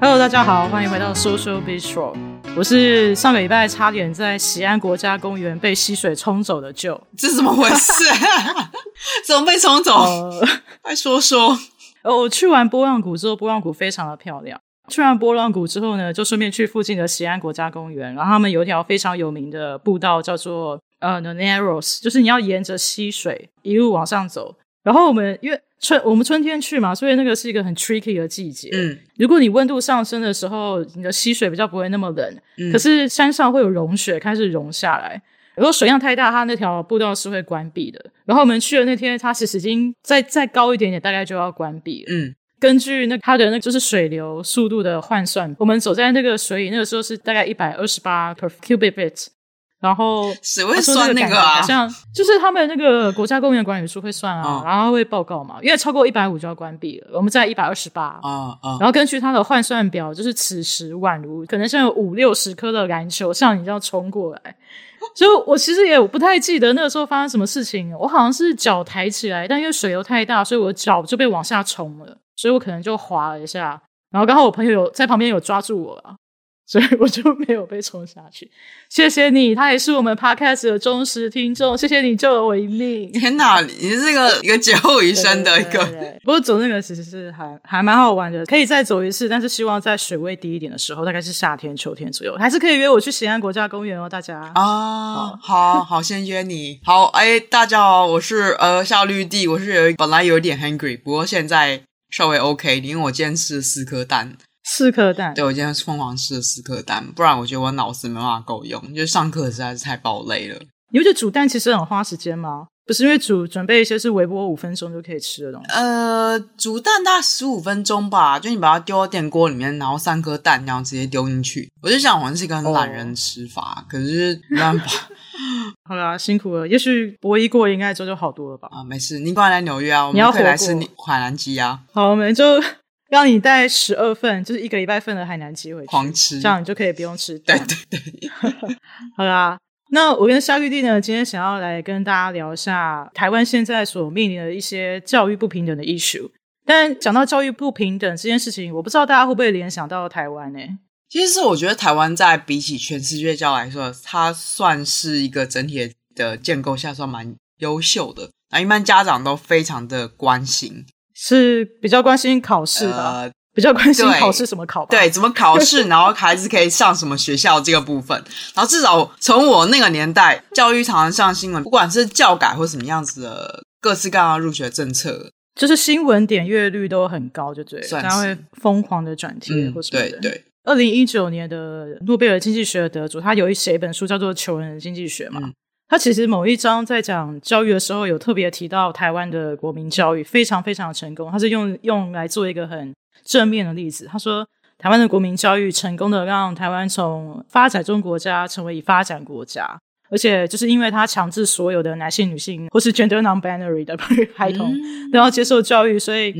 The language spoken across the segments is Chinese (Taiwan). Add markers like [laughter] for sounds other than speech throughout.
Hello，大家好，歡迎回到 Social Bistro。我是上個禮拜差點在錫安國家公園被溪水沖走的舅。這是怎麼回事啊？ [laughs] 怎麼被沖走？快、呃、說說、哦。我去完波浪谷之後，波浪谷非常的漂亮。去完波浪谷之後呢，就順便去附近的西安國家公園，然後他們有一條非常有名的步道叫做呃，the Narrows，就是你要沿着溪水一路往上走。然後我們因為春我們春天去嘛，所以那個是一個很 tricky 的季節。嗯，如果你溫度上升的時候，你的溪水比較不會那麼冷，嗯、可是山上會有融雪開始融下來，如果水量太大，它那條步道是會關閉的。然後我們去的那天，它其實已經再再高一點點，大概就要關閉了。嗯。根據那他的那個就是水流速度的換算，我們走在那個水裡，那個時候是大概一百二十八 per cubic bit，然後誰會算那，那個啊？像就是他們那個國家公園的管理處會算啊，哦、然後會報告嘛，因為超過一百五就要關閉了。我們在一百二十八啊，哦、然後根據他的換算表，就是此時宛如可能像有五六十顆的籃球像你這樣衝過來，所以我其實也不太記得那個時候發生什麼事情。我好像是腳抬起來，但因為水流太大，所以我的腳就被往下衝了。所以我可能就滑了一下，然後剛好我朋友有在旁邊有抓住我了，所以我就沒有被衝下去。謝謝你，他也是我們 podcast 的忠實聽眾。謝謝你救了我一命！天哪，你是那個，一個劫後餘生的一個。對對對對。不過走那個其實是還還蠻好玩的，可以再走一次，但是希望在水位低一點的時候，大概是夏天秋天左右，還是可以約我去西安國家公園哦，大家。啊，好好，先約你。好，哎，大家好，我是呃夏綠地，我是有本來有點 hungry，不過現在。稍微 OK，因為我今天吃了四顆蛋，四顆蛋，對，我今天瘋狂吃了四顆蛋，不然我覺得我腦子沒辦法夠用，因為上課實在是太爆累了。你不覺得煮蛋其實很花時間嗎？不是因為煮準備一些是微波五分鐘就可以吃的東西。呃，煮蛋大概十五分鐘吧，就你把它丟到電鍋裡面，然後三顆蛋，然後直接丟進去。我就想，我是一個很懶人吃法，哦、可是沒辦法。 [laughs] [laughs] 好啦，辛苦了。也許博弈過，應該之後就好多了吧？啊，沒事，你過來紐約啊，我們要可以來吃海南雞啊。好，我們就讓你帶十二份，就是一個禮拜份的海南雞回去，狂吃，這樣你就可以不用吃。對對對， [laughs] 好啦。那我跟夏律弟呢，今天想要來跟大家聊一下台灣現在所面臨的一些教育不平等的 issue。但講到教育不平等這件事情，我不知道大家會不會聯想到台灣呢？欸？其實我覺得台灣在比起全世界教來說，它算是一個整體的的建構下算蠻優秀的。那一般家長都非常的關心，是比較關心考試的。呃比較關心考試怎麼考吧？對，對，怎麼考試，然後孩子可以上什麼學校這個部分。 [laughs] 然後至少從我那個年代，教育常常上新聞，不管是教改或什麼樣子的，各式各樣的入學政策，就是新聞點閱率都很高，就對，是大家會瘋狂的轉帖或什麼的對、嗯、對，二零一九年的諾貝爾經濟學的得主，他有一寫一本書叫做《窮人經濟學》嘛，嗯、他其實某一章在講教育的時候，有特別提到台灣的國民教育非常非常的成功，他是用用來做一個很。正面的例子，他說，台灣的國民教育成功的讓台灣從發展中國家成為已發展國家，而且就是因為他強制所有的男性、女性或是 gender non-binary 的孩童、嗯、都要接受教育，所以，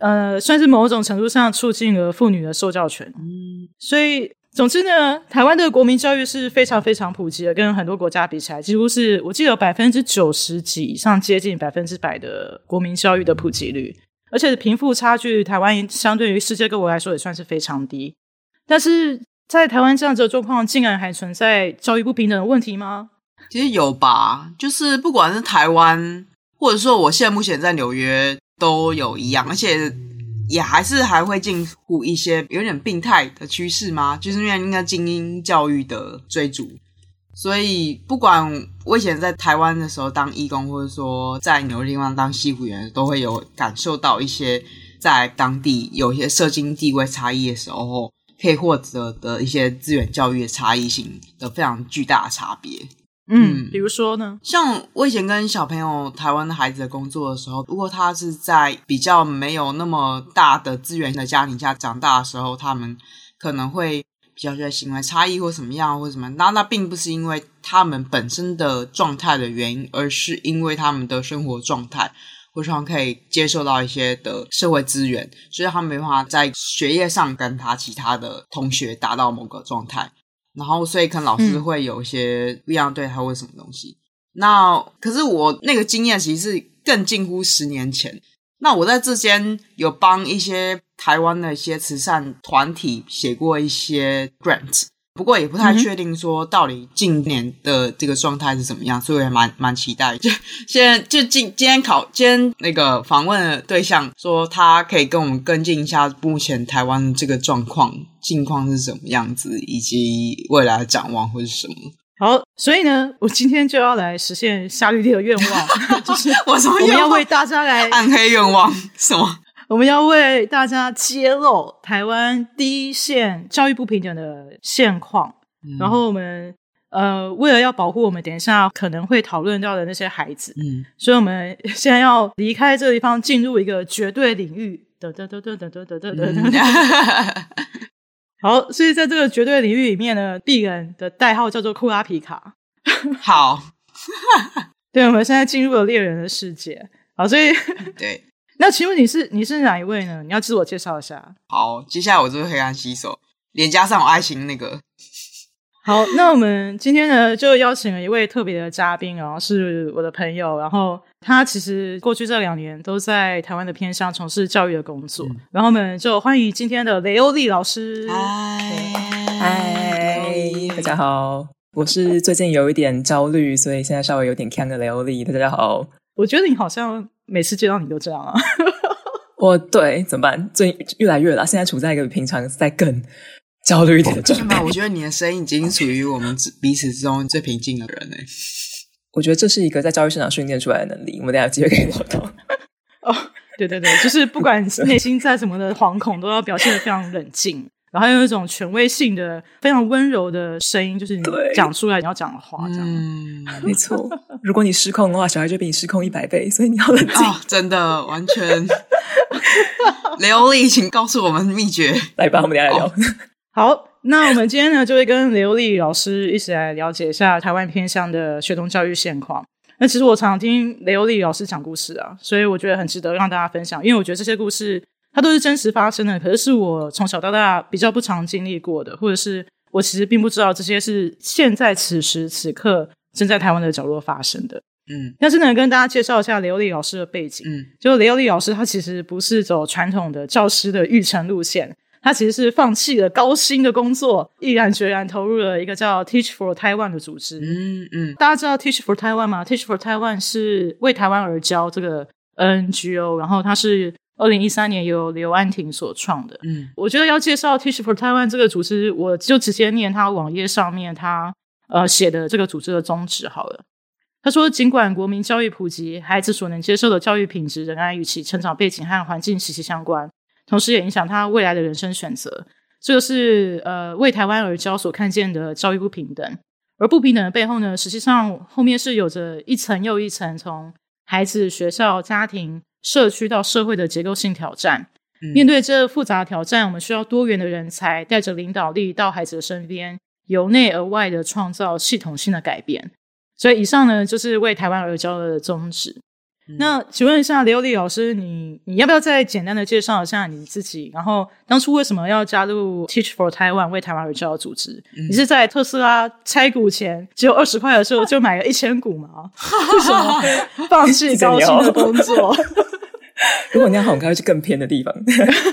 嗯、呃，算是某種程度上促進了婦女的受教權。嗯、所以，總之呢，台灣的國民教育是非常非常普及的，跟很多國家比起來，幾乎是我記得百分之九十幾以上，接近百分之百的國民教育的普及率。嗯而且貧富差距，台灣相對於世界各國來說也算是非常低，但是在台灣這樣子的狀況，竟然還存在教育不平等的問題嗎？其實有吧，就是不管是台灣，或者說我現在目前在紐約都有一樣，而且也還是還會近乎一些有點病態的趨勢嗎？就是因為那個精英教育的追逐。所以，不管我以前在台灣的時候當義工，或者說在牛個地方當西服員，都會有感受到一些在當地有一些社經地位差異的時候，可以獲得的一些資源教育的差異性的非常巨大的差別。嗯，嗯，比如說呢，像我以前跟小朋友、台灣的孩子的工作的時候，如果他是在比較沒有那麼大的資源的家庭下長大的時候，他們可能會。比較覺得行為差異或什麼樣或什麼，那那並不是因為他們本身的狀態的原因，而是因為他們的生活狀態，或常可以接受到一些的社會資源，所以他沒辦法在學業上跟他其他的同學達到某個狀態，然後所以可能老師會有一些不一樣對他或什麼東西。嗯、那可是我那個經驗其實是更近乎十年前，那我在這間有幫一些。台灣的一些慈善團體寫過一些 grants，不過也不太確定說到底近年的這個狀態是怎麼樣，所以我也蠻蠻期待。就現在就今今天考今天那個訪問的對象說，他可以跟我們跟進一下目前台灣這個狀況近況是什麼樣子，以及未來的展望或是什麼。好，所以呢，我今天就要來實現夏綠蒂的願望， [laughs] 就是我什麼願望？我要為大家來暗黑願望什麼。我們要為大家揭露台灣第一線教育不平等的現況，嗯、然後我們呃，為了要保護我們等一下可能會討論到的那些孩子，嗯，所以我們現在要離開這個地方，進入一個絕對領域等等等等等等等。好，所以在這個絕對領域裡面呢，鄙人的代號叫做庫拉皮卡。 [laughs] 好， [laughs] 對，我們現在進入了獵人的世界。好，所以對。那請問你是你是哪一位呢？你要自我介紹一下。好，接下來我就是黑暗吸手，臉加上我愛心那個。 [laughs] 好，那我們今天呢就邀請了一位特別的嘉賓，哦，然後是我的朋友，然後他其實過去這兩年都在台灣的偏鄉從事教育的工作，嗯、然後我們就歡迎今天的雷歐力老師。嗨，嗨，大家好，我是最近有一點焦慮，所以現在稍微有點看的雷歐力。大家好，我覺得你好像。每次見到你都這樣啊！我、 [laughs] oh, 對，怎麼辦？最近越來越了，現在處在一個比平常再更焦慮一點的狀態。Okay. 我覺得你的聲音已經屬於我們彼此之中最平靜的人了。 [laughs] 我覺得這是一個在教育現場訓練出來的能力。我們等一下有機會可以聊天。哦，oh, 對對對，就是不管內心再什麼的惶恐， [laughs] 都要表現的非常冷靜。然後有一種權威性的、非常溫柔的聲音，就是你講出來你要講的話，對這樣、嗯、沒錯。 [laughs] 如果你失控的話，小孩就比你失控一百倍，所以你要冷靜。哦、真的，完全雷歐力，請告訴我們秘訣。來吧，我們聊一聊。哦、好，那我們今天呢，就會跟雷歐力老師一起來了解一下台灣偏向的學童教育現況。那其實我常常聽雷歐力老師講故事啊，所以我覺得很值得讓大家分享，因為我覺得這些故事。它都是真實發生的，可是是我從小到大比較不常經歷過的，或者是我其實並不知道這些是現在此時此刻正在台灣的角落發生的。嗯，那真的跟大家介紹一下雷歐力老師的背景。嗯，就雷歐力老師，他其實不是走傳統的教師的育成路線，他其實是放棄了高薪的工作，毅然決然投入了一個叫 Teach for Taiwan 的組織。嗯嗯，嗯，大家知道 Teach for Taiwan 嗎？Teach for Taiwan 是為台灣而教這個 NGO，然後他是。二零一三年由劉安婷所創的，嗯，我覺得要介紹 Teach for Taiwan 這個組織，我就直接念他網頁上面他呃寫的這個組織的宗旨好了。他說：“儘管國民教育普及，孩子所能接受的教育品質仍然與其成長背景和環境息息相關，同時也影響他未來的人生選擇。這個是呃為台灣而教所看見的教育不平等，而不平等的背後呢，實際上後面是有着一層又一層從孩子、學校、家庭。”社區到社會的結構性挑戰，嗯、面對這複雜的挑戰，我們需要多元的人才，帶着領導力到孩子的身邊，由內而外的創造系統性的改變。所以，以上呢就是為台灣而教的宗旨。嗯、那請問一下，雷歐力老師，你你要不要再簡單的介紹一下你自己？然後，當初為什麼要加入 Teach for Taiwan 為台灣而教的組織？嗯、你是在特斯拉拆股前只有二十塊的時候就買了一千 [laughs] 股嗎？為什麼放棄高薪的工作？ [laughs] [laughs] 如果你要好，我應該會去更偏的地方。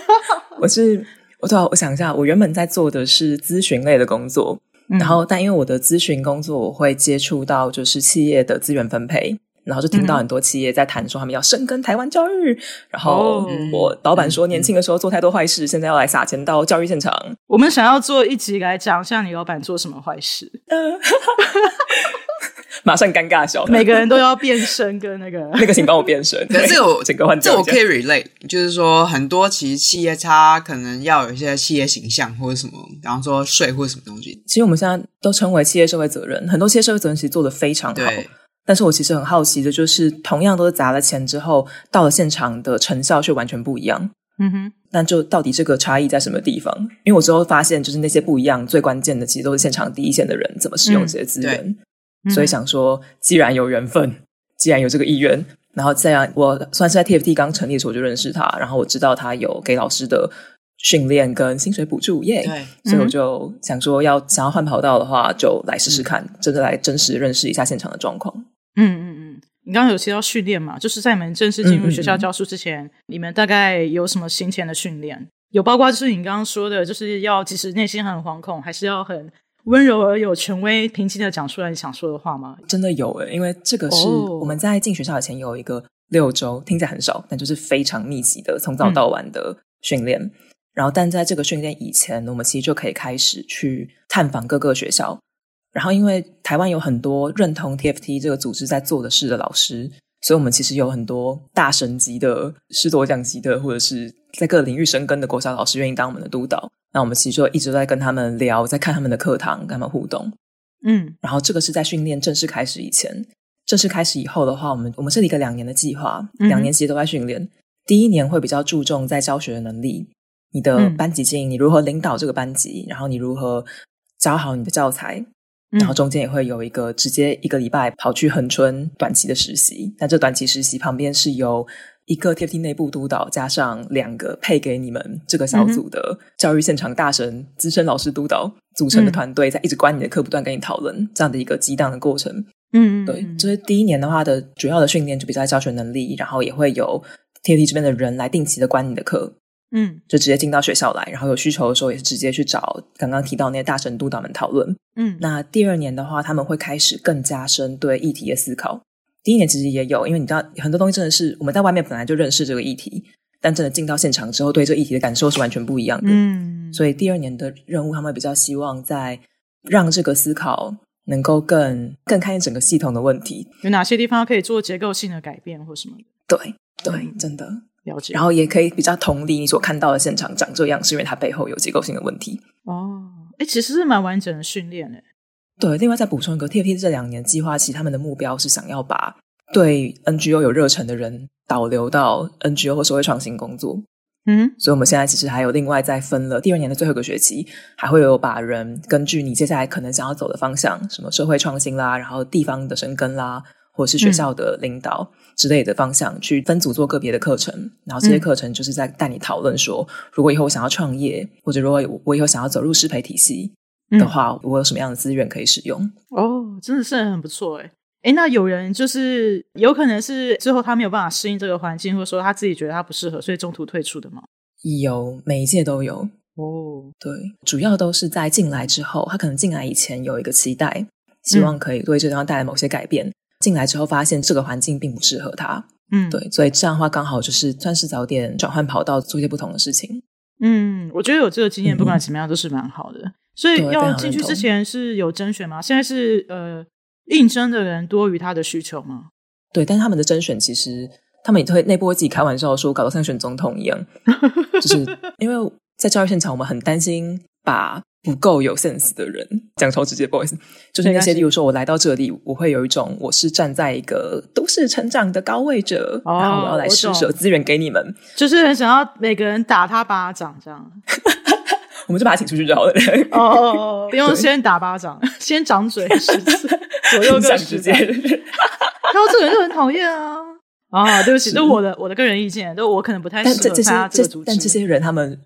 [laughs] 我是，我對啊，我想一下，我原本在做的是諮詢類的工作，嗯、然後但因為我的諮詢工作，我會接觸到就是企業的資源分配，然後就聽到很多企業在談說他們要深耕台灣教育，然後我老闆說年輕的時候做太多壞事，哦、現在要來撒錢到教育現場。我們想要做一集來講，像你老闆做什麼壞事？ [laughs] 馬上尷尬笑。每個人都要變身，跟那個、啊、 [laughs] 那個，請幫我變身。可是我整個換這我可以 relate，就是說很多其實企業差，可能要有一些企業形象或者什麼，然後說稅或者什麼東西。其實我們現在都稱為企業社會責任，很多企業社會責任其實做得非常好。對但是我其實很好奇的就是，同樣都是砸了錢之後，到了現場的成效卻完全不一樣。嗯哼，但就到底這個差異在什麼地方？因為我之後發現，就是那些不一樣最關鍵的，其實都是現場第一線的人怎麼使用這些資源。嗯所以想說，既然有緣分，嗯、既然有這個意願，然後再讓我，算是在 TFT 剛成立的時候我就認識他，然後我知道他有給老師的訓練跟薪水補助耶，所以我就想說，要想要換跑道的話，就來試試看，嗯、真的來真實認識一下現場的狀況。嗯嗯嗯，你剛剛有提到訓練嘛？就是在你們正式進入學校教書之前，嗯嗯你們大概有什麼行前的訓練？有包括就是你剛剛說的，就是要即使內心很惶恐，還是要很。溫柔而有權威，平靜地講出來你想說的話嗎？真的有、欸，因為這個是、oh. 我們在進學校以前有一個六週，聽起來很少，但就是非常密集的，從早到晚的訓練。嗯、然後，但在這個訓練以前，我們其實就可以開始去探訪各個學校。然後，因為台灣有很多認同 TFT 這個組織在做的事的老師，所以我們其實有很多大神級的、師鐸獎級的，或者是在各領域深耕的國小老師，願意當我們的督導。那我們其實就一直都在跟他們聊，在看他們的課堂，跟他們互動。嗯，然後這個是在訓練正式開始以前，正式開始以後的話，我們我們是一個兩年的計劃，兩年其實都在訓練。嗯、第一年會比較注重在教學的能力，你的班級經營，嗯、你如何領導這個班級，然後你如何教好你的教材，嗯、然後中間也會有一個直接一個禮拜跑去恆春短期的實習。那這短期實習旁邊是由。一個 TFT 內部督導，加上兩個配給你們這個小組的教育現場大神、資深老師督導組成的團隊，在一直關你的課，不斷跟你討論這樣的一個激盪的過程。嗯，對，所以第一年的話的主要的訓練就比較在教學能力，然後也會有 TFT 這邊的人來定期的關你的課。嗯，就直接進到學校來，然後有需求的時候也是直接去找剛剛提到那些大神督導們討論。嗯，那第二年的話，他們會開始更加深對議題的思考。第一年其實也有，因為你知道很多東西真的是我們在外面本來就認識這個議題，但真的進到現場之後，對這個議題的感受是完全不一樣的。嗯，所以第二年的任務，他們比較希望在讓這個思考能夠更更看見整個系統的問題，有哪些地方可以做結構性的改變或什麼？對對，對，嗯，真的。了解，然後也可以比較同理你所看到的現場長這樣，是因為它背後有結構性的問題。哦，哎，其實是蠻完整的訓練誒。對，另外再補充一個，TFT 這兩年計劃其實他們的目標是想要把對 NGO 有熱忱的人導流到 NGO 或社會創新工作。嗯，所以我們現在其實還有另外再分了第二年的最後一個學期，還會有把人根據你接下來可能想要走的方向，什麼社會創新啦，然後地方的深耕啦，或者是學校的領導之類的方向去分組做個別的課程，然後這些課程就是在帶你討論說，如果以後我想要創業，或者如果我以後想要走入師培體系。的話，我有什麼樣的資源可以使用？嗯、哦，真的是很不錯哎！哎，那有人就是有可能是最後他沒有辦法適應這個環境，或者說他自己覺得他不適合，所以中途退出的嗎？有，每一屆都有哦。對，主要都是在進來之後，他可能進來以前有一個期待，希望可以為這地方帶來某些改變。嗯、進來之後發現這個環境並不適合他，嗯，對，所以這樣的話剛好就是算是早點轉換跑道，做一些不同的事情。嗯，我覺得有這個經驗，不管怎麼樣都是蠻好的。嗯所以要進去之前是有甄選嗎？現在是呃應徵的人多於他的需求嗎？對，但是他們的甄選其實他們也會內部會自己開玩笑說，搞得像選總統一樣， [laughs] 就是因為在教育現場我們很擔心把不夠有 sense 的人講超直接，不好意思，就是那些是例如說我來到這裡我會有一種我是站在一個都市成長的高位者，哦、然後我要來施捨種資源給你們，就是很想要每個人打他巴掌這樣。 [laughs] 我們就把他請出去就好了。哦，不用先打巴掌，先掌嘴十次左右的時間。他說：“這個人就很討厭啊。哦”啊，對不起，這是我的我的個人意見，就我可能不太適合他這，但這，這但這些人他們，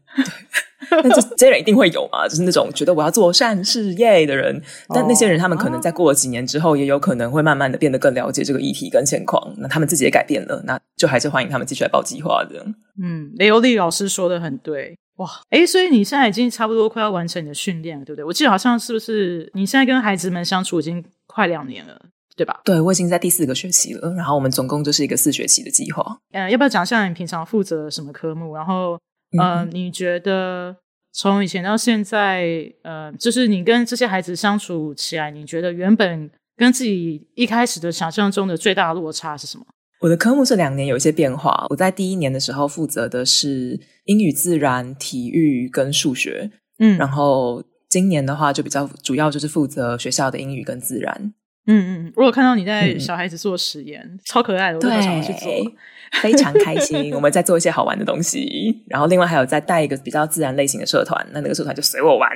對但這，這些人一定會有嘛？就是那種覺得我要做善事業的人。但那些人他們可能在過了幾年之後，也有可能會慢慢的變得更了解這個議題跟現況。那他們自己也改變了，那就還是歡迎他們繼續來報計劃的。嗯，雷歐力老師說得很對。哇，誒，所以你現在已經差不多快要完成你的訓練了，對不對？我記得好像是不是？你現在跟孩子們相處已經快兩年了，對吧？對，我已經在第四個學期了。然後我們總共就是一個四學期的計劃。嗯，要不要講一下你平常負責什麼科目？然後，呃、嗯，你覺得從以前到現在，呃，就是你跟這些孩子相處起來，你覺得原本跟自己一開始的想象中的最大的落差是什麼？我的科目是兩年有一些變化。我在第一年的時候負責的是英語、自然、體育跟數學，嗯，然後今年的話就比較主要就是負責學校的英語跟自然。嗯嗯，我有看到你在小孩子做實驗，嗯，超可愛的，我都想要去做，非常開心。 [laughs] 我們在做一些好玩的東西，然後另外還有在帶一個比較自然類型的社團，那那個社團就隨我玩。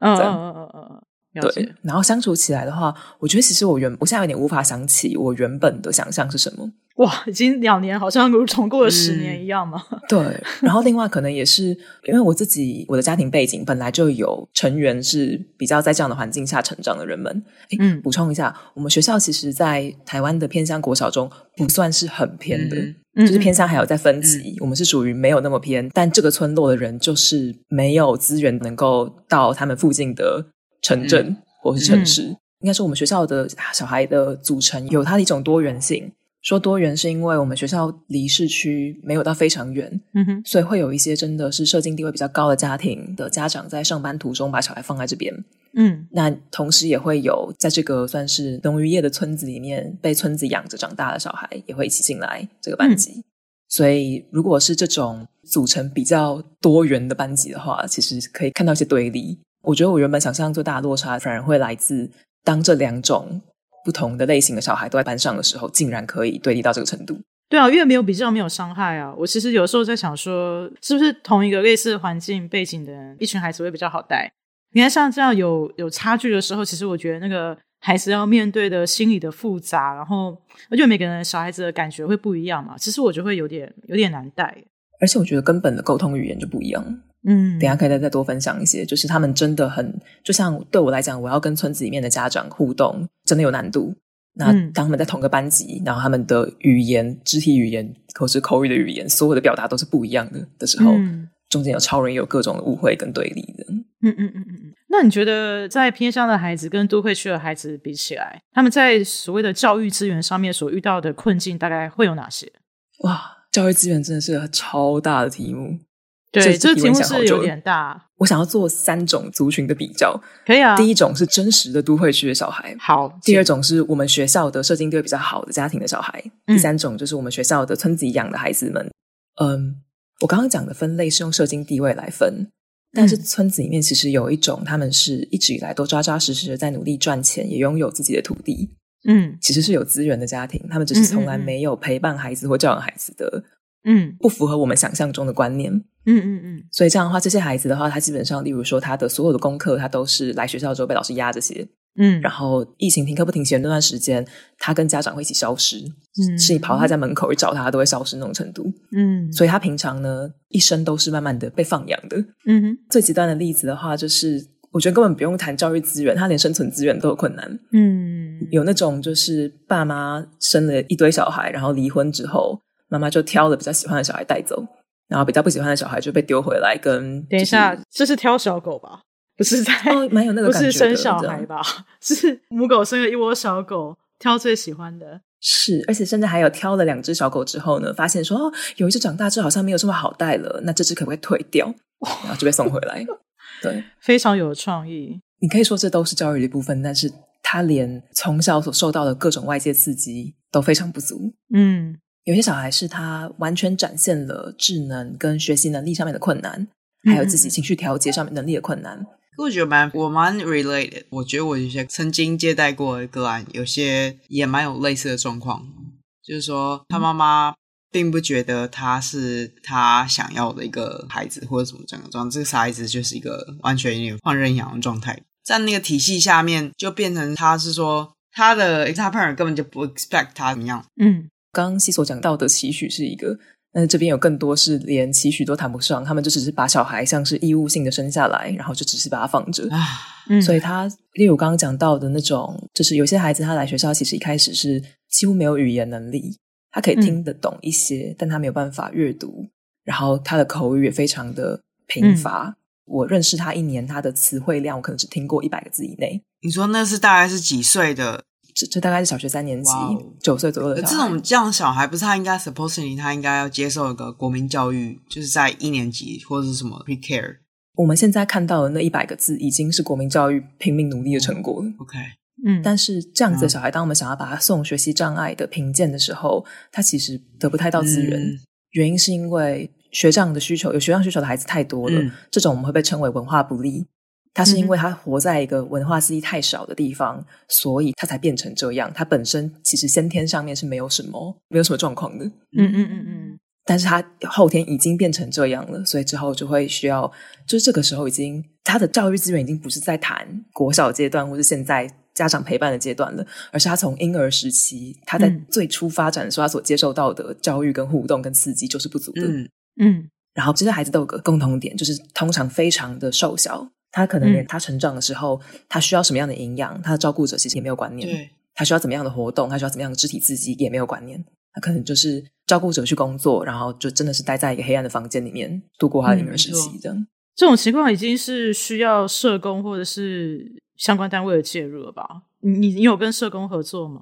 嗯嗯嗯嗯。Oh, oh, oh. 對，然後相處起來的話，我覺得其實我原我現在有點無法想起我原本的想象是什麼。哇，已經兩年，好像如同過了十年一樣嘛，嗯。對，然後另外可能也是因為我自己，我的家庭背景本來就有成員是比較在這樣的環境下成長的人們。嗯，補充一下，嗯，我們學校其實，在台灣的偏鄉國小中，不算是很偏的，嗯，就是偏鄉還有在分級，嗯，我們是屬於沒有那麼偏，但這個村落的人就是沒有資源能夠到他們附近的。城鎮或是城市，嗯嗯、應該是我們學校的小孩的組成有它的一種多元性。說多元是因為我們學校離市區沒有到非常遠，嗯哼，所以會有一些真的是社經地位比較高的家庭的家長在上班途中把小孩放在這邊，嗯，那同時也會有在這個算是農漁業的村子裡面被村子養着長大的小孩也會一起進來這個班級。嗯、所以如果是這種組成比較多元的班級的話，其實可以看到一些對立。我覺得我原本想象最大的落差，反而會來自當這兩種不同的類型的小孩都在班上的時候，竟然可以對立到這個程度。對啊，因為沒有比較，沒有傷害啊。我其實有時候在想說，說是不是同一個類似環境背景的人一群孩子會比較好帶？你看像這樣有有差距的時候，其實我覺得那個孩子要面對的心理的複雜，然後而且每個人小孩子的感覺會不一樣嘛。其實我就會有點有點難帶，而且我覺得根本的溝通語言就不一樣。嗯，等一下可以再再多分享一些，就是他們真的很，就像對我來講，我要跟村子裡面的家長互動，真的有難度。那當他們在同個班級，嗯、然後他們的語言、肢體語言、口是口語的語言，所有的表達都是不一樣的的時候，嗯、中間有超人，有各種的誤會跟對立的。嗯嗯嗯嗯，那你覺得在偏鄉的孩子跟都會區的孩子比起來，他們在所謂的教育資源上面所遇到的困境，大概會有哪些？哇，教育資源真的是超大的題目。對，這影響是有點大，啊。我想要做三種族群的比較，可以啊。第一種是真實的都會區的小孩，好；第二種是我們學校的社經地位比較好的家庭的小孩；嗯、第三種就是我們學校的村子養的孩子們。嗯，我剛剛講的分類是用社經地位來分，但是村子裡面其實有一種，他們是一直以來都扎扎實實的在努力賺錢，也擁有自己的土地。嗯，其實是有資源的家庭，他們只是從來沒有陪伴孩子或教養孩子的。嗯嗯，不符合我們想象中的觀念。嗯嗯嗯，嗯嗯，所以這樣的話，這些孩子的話，他基本上，例如說，他的所有的功課，他都是來學校之後被老師壓著寫。嗯，然後疫情停課不停學那段時間，他跟家長會一起消失，嗯、是你跑到他家門口去找他，他都會消失那種程度。嗯，所以他平常呢，一生都是慢慢的被放養的。嗯哼，最極端的例子的話，就是我覺得根本不用談教育資源，他連生存資源都有困難。嗯，有那種就是爸媽生了一堆小孩，然後離婚之後。媽媽就挑了比較喜歡的小孩帶走，然後比較不喜歡的小孩就被丟回來跟。跟等一下，就是、這是挑小狗吧？不是在哦，蠻有那個感覺的。不是生小孩吧？是母狗生了一窩小狗，挑最喜歡的。是，而且甚至還有挑了兩只小狗之後呢，發現說哦，有一只長大之後好像沒有這麼好帶了，那這只可不可以退掉？然後就被送回來。 [laughs] 對，非常有創意。你可以說這都是教育的一部分，但是他連從小所受到的各種外界刺激都非常不足。嗯。有些小孩是他完全展現了智能、跟學習能力上面的困難，還有自己情緒調節上面能力的困難。嗯、我覺得蠻我蠻 related。我覺得我有些曾經接待過一個案，有些也蠻有類似的狀況，就是說他媽媽並不覺得他是他想要的一個孩子，或者怎麼這樣的狀態。這個小孩子就是一個完全有點放任養的狀態，在那個體系下面就變成他是說他的 exper 根本就不 expect 他怎麼樣，嗯。剛剛所講到的期許是一個，但是這邊有更多是連期許都談不上，他們就只是把小孩像是義務性的生下來，然後就只是把他放着。啊嗯、所以他例如剛剛講到的那種，就是有些孩子他來學校其實一開始是幾乎沒有語言能力，他可以聽得懂一些，嗯、但他沒有辦法閱讀，然後他的口語也非常的貧乏。嗯、我認識他一年，他的詞彙量我可能只聽過一百個字以內。你說那是大概是幾歲的？這大概是小學三年級，九 Wow 歲左右的小孩。這種這樣的小孩，不是他應該 supposedly 他應該要接受一個國民教育，就是在一年級或者是什麼 precare。我們現在看到的那一百個字，已經是國民教育拼命努力的成果了。Oh, OK，嗯。但是這樣子的小孩，當我們想要把他送學習障礙的評鑑的時候，他其實得不太到資源。嗯、原因是因為學障的需求，有學障需求的孩子太多了，嗯、這種我們會被稱為文化不利。他是因為他活在一個文化刺激太少的地方，嗯、所以他才變成這樣。他本身其實先天上面是沒有什麼沒有什麼狀況的，嗯嗯嗯嗯。嗯嗯但是他後天已經變成這樣了，所以之後就會需要，就是這個時候已經他的教育資源已經不是在談國小階段，或是現在家長陪伴的階段了，而是他從嬰兒時期，他在最初發展的時候，嗯、他所接受到的教育跟互動跟刺激就是不足的，嗯嗯。嗯然後這些孩子都有個共同點，就是通常非常的瘦小。他可能連、嗯、他成長的時候，他需要什麼樣的營養，他的照顧者其實也沒有觀念；對，他需要怎麼樣的活動，他需要怎麼樣的肢體刺激也沒有觀念。他可能就是照顧者去工作，然後就真的是待在一個黑暗的房間裡面度過他的嬰兒時期、嗯、這樣。這種情況已經是需要社工或者是相關單位的介入了吧？你你有跟社工合作嗎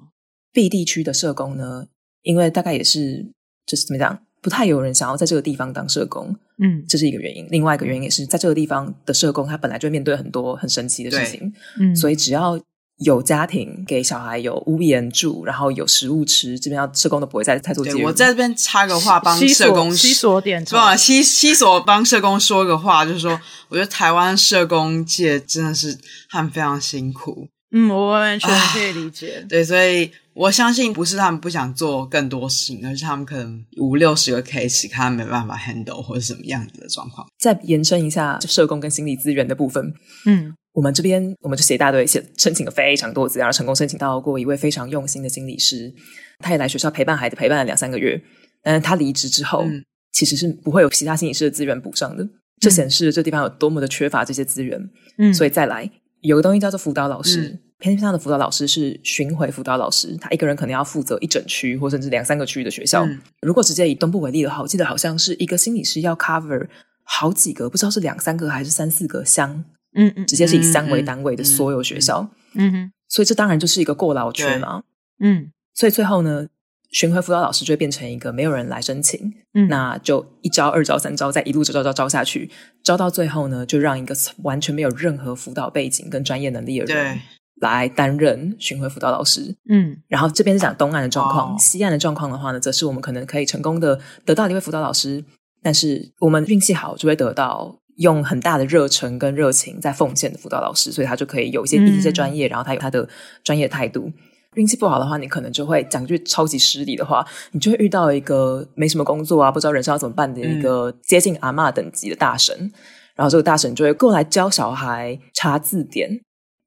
？B 地區的社工呢，因為大概也是就是怎麼講不太有人想要在這個地方當社工，嗯，這是一個原因。另外一個原因也是，在這個地方的社工，他本來就會面對很多很神奇的事情，嗯，所以只要有家庭給小孩有屋檐住，然後有食物吃，這邊要社工都不會再太多。我在這邊插個話，幫社工。西索點，不，西西索幫社工說個話，就是說，我覺得台灣社工界真的是很非常辛苦。嗯，我完全可以理解。啊、對，所以我相信不是他們不想做更多事情，而是他們可能五六十個 case，他沒辦法 handle 或者什麼樣子的狀況。再延伸一下，就社工跟心理資源的部分。嗯，我們這邊我們就寫一大堆，寫申請了非常多資料，然後成功申請到過一位非常用心的心理師，他也來學校陪伴孩子，陪伴了兩三個月。但是他離職之後，嗯、其實是不會有其他心理師的資源補上的。嗯、這顯示這地方有多麼的缺乏這些資源。嗯，所以再來。有個東西叫做輔導老師，嗯、偏，偏鄉的輔導老師是巡迴輔導老師，他一個人可能要負責一整區或甚至兩三個區域的學校。嗯、如果直接以東部為例的話，我記得好像是一個心理師要 cover 好幾個，不知道是兩三個還是三四個鄉。嗯嗯，直接是以鄉為單位的所有學校。嗯哼，嗯嗯嗯嗯，所以這當然就是一個過勞圈了、啊。嗯，所以最後呢。巡迴輔導老師就會變成一個沒有人來申請，嗯、那就一招、二招、三招，再一路招、招、招、招下去，招到最後呢，就讓一個完全沒有任何輔導背景跟專業能力的人來擔任巡迴輔導老師，嗯對。然後這邊是講東岸的狀況，哦、西岸的狀況的話呢，則是我們可能可以成功的得到一位輔導老師，但是我們運氣好就會得到用很大的熱忱跟熱情在奉獻的輔導老師，所以他就可以有一些一些專業，嗯、然後他有他的專業態度。運氣不好的話，你可能就會講句超級失禮的話，你就會遇到一個沒什麼工作啊，不知道人生要怎麼辦的一個接近阿嬤等級的大神。嗯、然後這個大神就會過來教小孩查字典，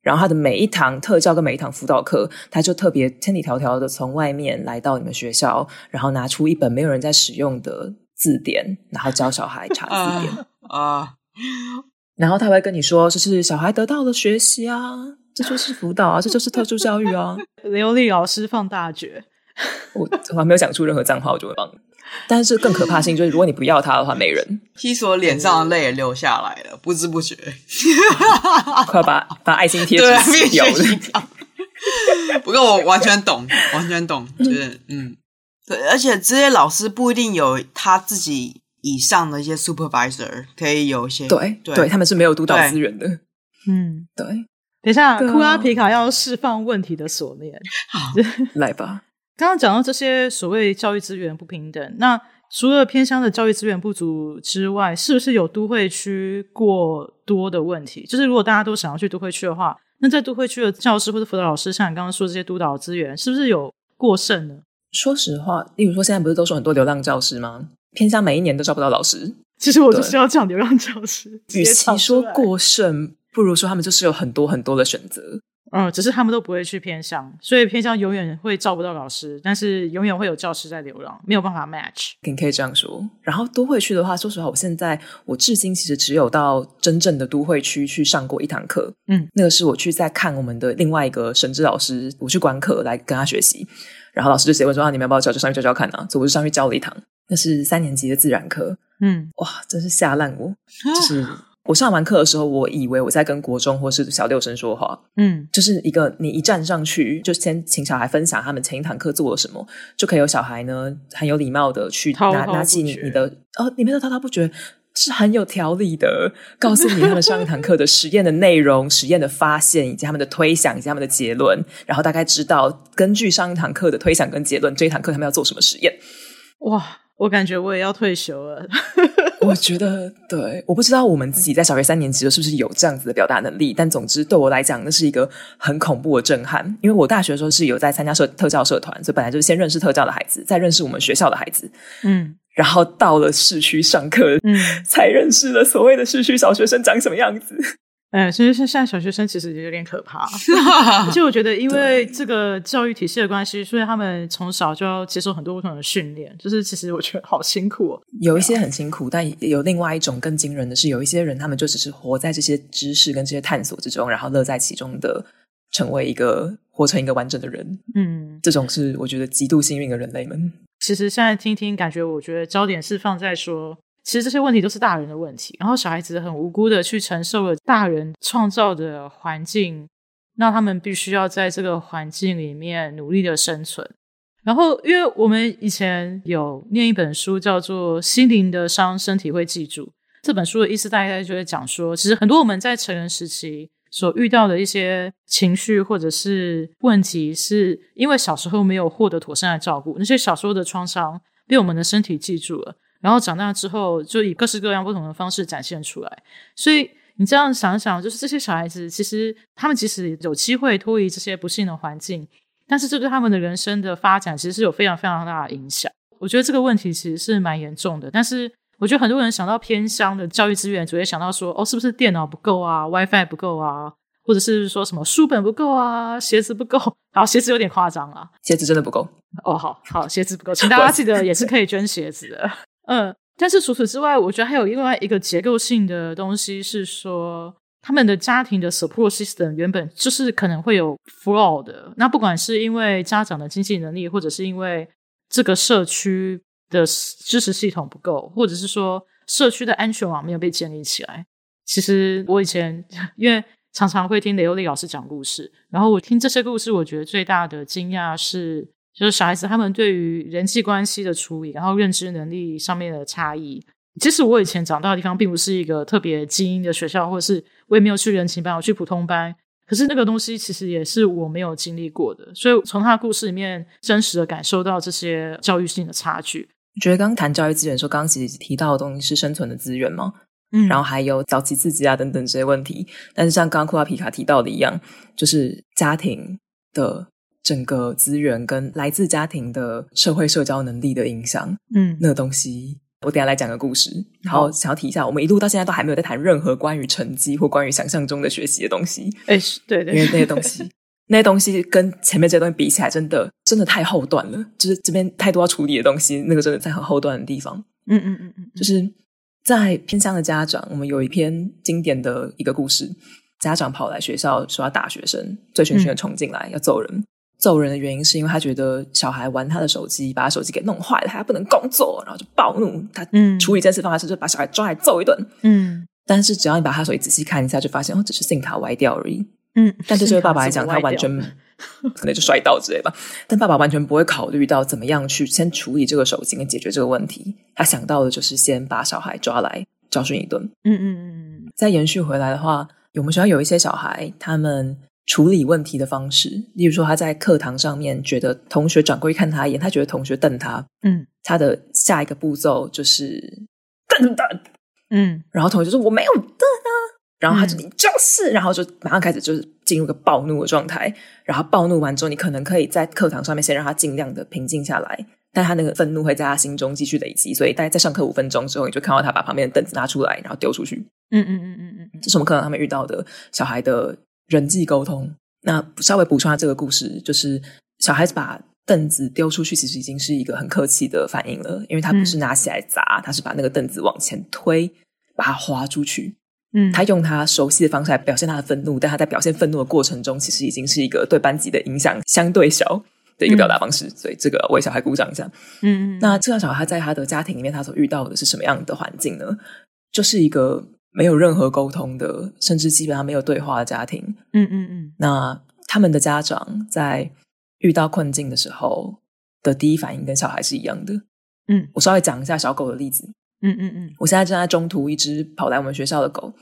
然後他的每一堂特教跟每一堂輔導課，他就特別千里迢迢的從外面來到你們學校，然後拿出一本沒有人在使用的字典，然後教小孩查字典 [laughs] 啊。啊然後他會跟你說：“這是小孩得到的學習啊。”這就是輔導啊，這就是特殊教育啊！雷歐力老師放大絕，我還沒有講出任何髒話，我就會放。但是更可怕性就是，如果你不要他的話，沒人。其實我 [laughs] 臉上的淚也流下來了，不知不覺。 [laughs] [laughs] 快把把愛心貼紙，對，有。 [laughs] 不過我完全懂，完全懂，就是嗯，嗯，對。而且這些老師不一定有他自己以上的一些 supervisor，可以有些對對，對，他們是沒有督導資源的。對嗯，對。等一下，啊、酷拉皮卡要釋放問題的鎖鏈，好 [laughs] 來吧。剛剛講到這些所謂教育資源不平等，那除了偏鄉的教育資源不足之外，是不是有都會區過多的問題？就是如果大家都想要去都會區的話，那在都會區的教師或者輔導老師，像你剛剛說的這些督導資源，是不是有過剩呢？說實話，例如說現在不是都說很多流浪教師嗎？偏鄉每一年都招不到老師。其實我就是要講流浪教師，對與其說過剩。不如說他們就是有很多很多的選擇，嗯、呃，只是他們都不會去偏鄉，所以偏鄉永遠會招不到老師，但是永遠會有教師在流浪，沒有辦法 match。你可以這樣說。然後都會區的話，說實話，我現在我至今其實只有到真正的都會區去上過一堂課，嗯，那個是我去在看我們的另外一個神智老師，我去觀課來跟他學習，然後老師就直接問說啊，你們要不要教就上去教教看呢？啊？所以我就上去教了一堂，那是三年級的自然課，嗯，哇，真是嚇爛我，哦，就是。啊我上完課的時候，我以為我在跟國中或是小六生說話，嗯，就是一個你一站上去就先請小孩分享他們前一堂課做了什麼，就可以有小孩呢很有禮貌的去拿滔滔拿起你你的，哦，你們的滔滔不絕是很有條理的，告訴你他們上一堂課的實驗的內容、 [laughs] 實驗的發現以及他們的推想以及他們的結論，然後大概知道根據上一堂課的推想跟結論，這一堂課他們要做什麼實驗，哇。我感覺我也要退休了。 [laughs] 我覺得對，我不知道我們自己在小學三年級的時候是不是有這樣子的表達能力，但總之對我來講，那是一個很恐怖的震撼。因為我大學的時候是有在參加社特教社團，所以本來就是先認識特教的孩子，再認識我們學校的孩子，嗯，然後到了市區上課，嗯，才認識了所謂的市區小學生長什麼樣子。嗯，所以像現在小學生其實也有點可怕，是啊， [laughs] 而且我覺得因為這個教育體系的關係，對所以他們從小就要接受很多不同的訓練，就是其實我覺得好辛苦哦。有一些很辛苦，有但也有另外一種更驚人的是，有一些人他們就只是活在這些知識跟這些探索之中，然後樂在其中的，成為一個活成一個完整的人。嗯，這種是我覺得極度幸運的人類們。其實現在聽聽，感覺我覺得焦點是放在說，其實這些問題都是大人的問題，然後小孩子很無辜的去承受了大人創造的環境，那他們必須要在這個環境裡面努力的生存。然後，因為我們以前有念一本書，叫做《心靈的傷，身體會記住》。這本書的意思，大概就是講說，其實很多我們在成人時期所遇到的一些情緒或者是問題，是因為小時候沒有獲得妥善的照顧，那些小時候的創傷被我們的身體記住了。然後長大之後，就以各式各樣不同的方式展現出來。所以你這樣想一想，就是這些小孩子其實他們即使有機會脫離這些不幸的環境，但是這對他們的人生的發展其實是有非常非常大的影響。我覺得這個問題其實是蠻嚴重的。但是我覺得很多人想到偏鄉的教育資源，就會想到說：“哦，是不是電腦不夠啊？WiFi 不夠啊？或者是說什麼書本不夠啊？鞋子不夠？”好，鞋子有點誇張啊，鞋子真的不夠哦。好好，鞋子不夠， [laughs] 請大家記得也是可以捐鞋子的。嗯，但是除此之外，我覺得還有另外一個結構性的東西是說，他們的家庭的 support system 原本就是可能會有 flaw 的。那不管是因為家長的經濟能力，或者是因為這個社區的支持系統不夠，或者是說社區的安全網沒有被建立起來。其實我以前因為常常會聽雷歐力老師講故事，然後我聽這些故事，我覺得最大的驚訝是。就是小孩子他們對於人際關係的處理，然後認知能力上面的差異。其實我以前長大的地方並不是一個特別精英的學校，或是我也沒有去人情班，我去普通班。可是那個東西其實也是我沒有經歷過的，所以從他的故事裡面真實的感受到這些教育性的差距。我覺得剛剛談教育資源的時候，說剛剛其實提到的東西是生存的資源嗎？嗯，然後還有早期刺激啊等等這些問題。但是像剛剛庫拉皮卡提到的一樣，就是家庭的。整個資源跟來自家庭的社會社交能力的影響，嗯，那個東西我等一下來講個故事，然後想要提一下，哦、我們一路到現在都還沒有在談任何關於成績或關於想象中的學習的東西，哎，對對,對，因為那些東西， [laughs] 那些東西跟前面這段比起來，真的真的太後段了，嗯、就是這邊太多要處理的東西，那個真的在很後段的地方，嗯嗯嗯嗯，就是在偏鄉的家長，我們有一篇經典的一個故事，家長跑來學校說要打學生，醉醺醺的衝進來、嗯、要揍人。揍人的原因是因為他覺得小孩玩他的手機，把手機給弄壞了，他還不能工作，然後就暴怒。他嗯，處理這件事方式就是把小孩抓來揍一頓。嗯，但是只要你把他手機仔細看一下，就發現哦，只是 SIM 卡歪掉而已。嗯，但對這位爸爸來講，他完全 [laughs] 可能就摔倒之類吧。但爸爸完全不會考慮到怎麼樣去先處理這個手機跟解決這個問題。他想到的就是先把小孩抓來教訓一頓。嗯嗯嗯嗯。再延續回來的話，我們學校有一些小孩，他們。處理問題的方式，例如說他在課堂上面覺得同學轉過去看他一眼，他覺得同學瞪他，嗯，他的下一個步驟就是瞪瞪，嗯，然後同學就說我沒有瞪啊，嗯、然後他就你就是，然後就馬上開始就是進入個暴怒的狀態，然後暴怒完之後，你可能可以在課堂上面先讓他盡量的平靜下來，但他那個憤怒會在他心中繼續累積，所以大家在上課五分鐘之後，你就看到他把旁邊的凳子拿出來，然後丟出去，嗯嗯嗯嗯嗯，這是我們課堂上面遇到的小孩的。人際溝通。那稍微補充下這個故事，就是小孩子把凳子丟出去，其實已經是一個很客氣的反應了，因為他不是拿起來砸，嗯、他是把那個凳子往前推，把它滑出去。嗯，他用他熟悉的方式來表現他的憤怒，但他在表現憤怒的過程中，其實已經是一個對班級的影響相對小的一個表達方式。嗯、所以這個為小孩鼓掌一下。嗯嗯。那這樣小孩在他的家庭裡面，他所遇到的是什麼樣的環境呢？就是一個。沒有任何溝通的，甚至基本上沒有對話的家庭。嗯嗯嗯。那他們的家長在遇到困境的時候的第一反應跟小孩是一樣的。嗯，我稍微講一下小狗的例子。嗯嗯嗯。我現在正在中途一隻跑來我們學校的狗。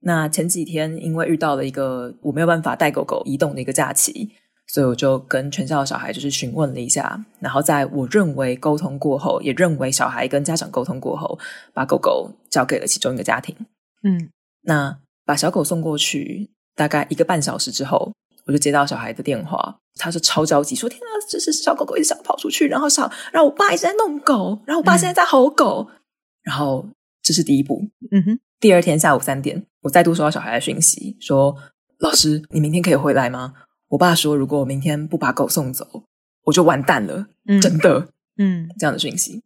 那前幾天因為遇到了一個我沒有辦法帶狗狗移動的一個假期，所以我就跟全校的小孩就是詢問了一下，然後在我認為溝通過後，也認為小孩跟家長溝通過後，把狗狗交給了其中一個家庭。嗯，那把小狗送過去，大概一個半小時之後，我就接到小孩的電話，他是超着急，說天啊，這是小狗狗一直想跑出去，然後想，然後我爸一直在弄狗，然後我爸現在在吼狗，嗯、然後這是第一步。嗯哼，第二天下午三點，我再度收到小孩的訊息，說老師，你明天可以回來嗎？我爸說如果我明天不把狗送走，我就完蛋了，嗯、真的，嗯，這樣的訊息。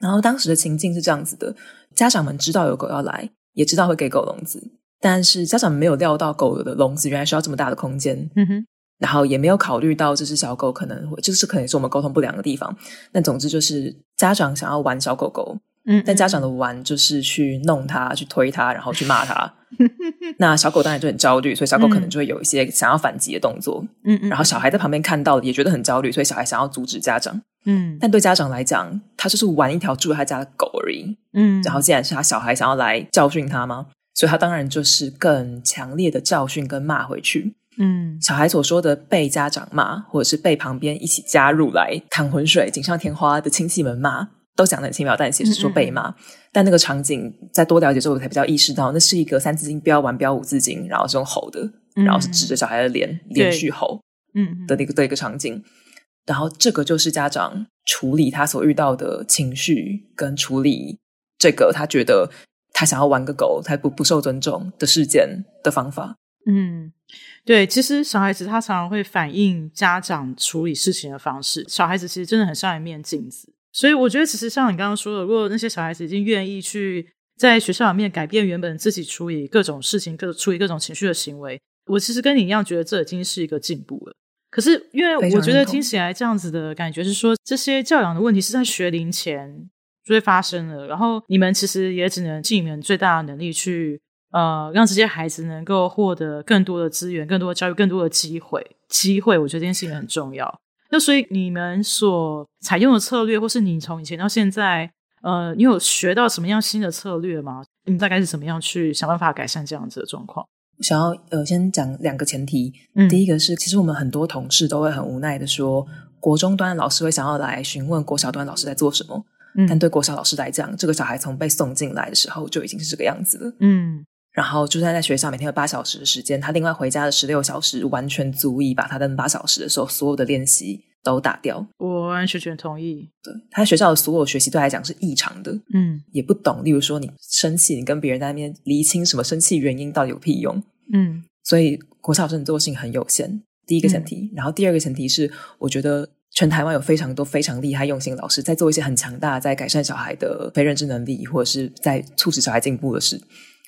然後當時的情境是這樣子的，家長們知道有狗要來。也知道會給狗籠子，但是家長沒有料到狗的籠子原來需要這麼大的空間，嗯哼，然後也沒有考慮到這隻小狗可能會，就是可能是我們溝通不良的地方。那總之就是家長想要玩小狗狗。嗯，但家長的玩就是去弄他、去推他，然後去罵他。 [laughs] 那小狗當然就很焦慮，所以小狗可能就會有一些想要反擊的動作。嗯，然後小孩在旁邊看到，也覺得很焦慮，所以小孩想要阻止家長。嗯，但對家長來講，他就是玩一條住他家的狗而已。嗯，然後既然是他小孩想要來教訓他嗎？所以他當然就是更強烈的教訓跟罵回去。嗯，小孩所說的被家長罵，或者是被旁邊一起加入來淌渾水、錦上添花的親戚們罵。都講得很輕描淡寫，但是說被罵，嗯嗯但那個場景在多了解之後，我才比較意識到，那是一個三字經，不要玩，不要五字經，然後是用吼的，然後是指着小孩的臉連續吼，嗯,嗯，的那個對一個場景，然後這個就是家長處理他所遇到的情緒，跟處理這個他覺得他想要玩個狗他不不受尊重的事件的方法。嗯，對，其實小孩子他常常會反映家長處理事情的方式，小孩子其實真的很像一面鏡子。所以我覺得，其實像你剛剛說的，如果那些小孩子已經願意去在學校裡面改變原本自己處理各種事情、各處理各種情緒的行為，我其實跟你一樣覺得這已經是一個進步了。可是因為我覺得聽起來這樣子的感覺是說，這些教養的問題是在學齡前就會發生了。然後你們其實也只能盡你們最大的能力去，呃，讓這些孩子能夠獲得更多的資源、更多的教育、更多的機會。機會，我覺得這件事情很重要。那所以你們所採用的策略，或是你從以前到現在，呃，你有學到什麼樣新的策略嗎？你們大概是怎麼樣去想辦法改善這樣子的狀況？想要呃，先講兩個前提，嗯。第一個是，其實我們很多同事都會很無奈地說，國中端的老師會想要來詢問國小端老師在做什麼，但對國小老師來講，嗯。這個小孩從被送進來的時候就已經是這個樣子了，嗯。然後，就算在學校每天有八小時的時間，他另外回家的十六小時完全足以把他的八小時的時候所有的練習都打掉。我完完全全同意。對他學校的所有學習，對他來講是異常的。嗯，也不懂。例如說，你生氣，你跟別人在那邊釐清什麼生氣原因，到底有屁用？嗯。所以，國小生的做性很有限。第一個前提，嗯、然後第二個前提是，我覺得全台灣有非常多非常厲害用心的老師，在做一些很強大，在改善小孩的非認知能力，或者是在促使小孩進步的事。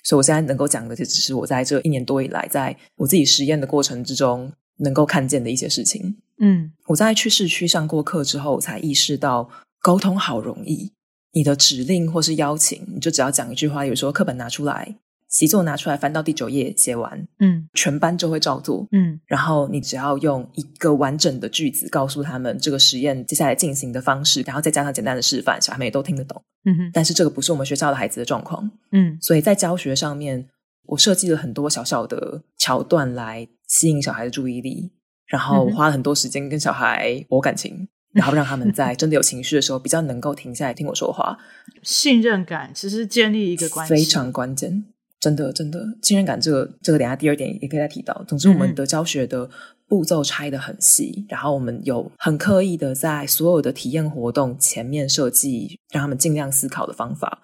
所以，我現在能夠講的就只是我在這一年多以來，在我自己實驗的過程之中能夠看見的一些事情。嗯，我在去市區上過課之後，我才意識到溝通好容易，你的指令或是邀請，你就只要講一句話，有時候課本拿出來，習作拿出來翻到第九頁，寫完，嗯，全班就會照做，嗯，然後你只要用一個完整的句子告訴他們這個實驗接下來進行的方式，然後再加上簡單的示範，小孩們也都聽得懂，嗯哼。但是這個不是我們學校的孩子的狀況，嗯，所以在教學上面，我設計了很多小小的橋段來吸引小孩的注意力，然後花了很多時間跟小孩博感情，嗯、哼然後讓他們在真的有情緒的時候、嗯、哼比較能夠停下來聽我說話，信任感其實建立一個關係非常關鍵。真的，真的，信任感這個，這個，等下第二點也可以再提到。總之，我們的教學的步驟拆得很細，嗯、哼然後我們有很刻意的在所有的體驗活動前面設計，讓他們盡量思考的方法，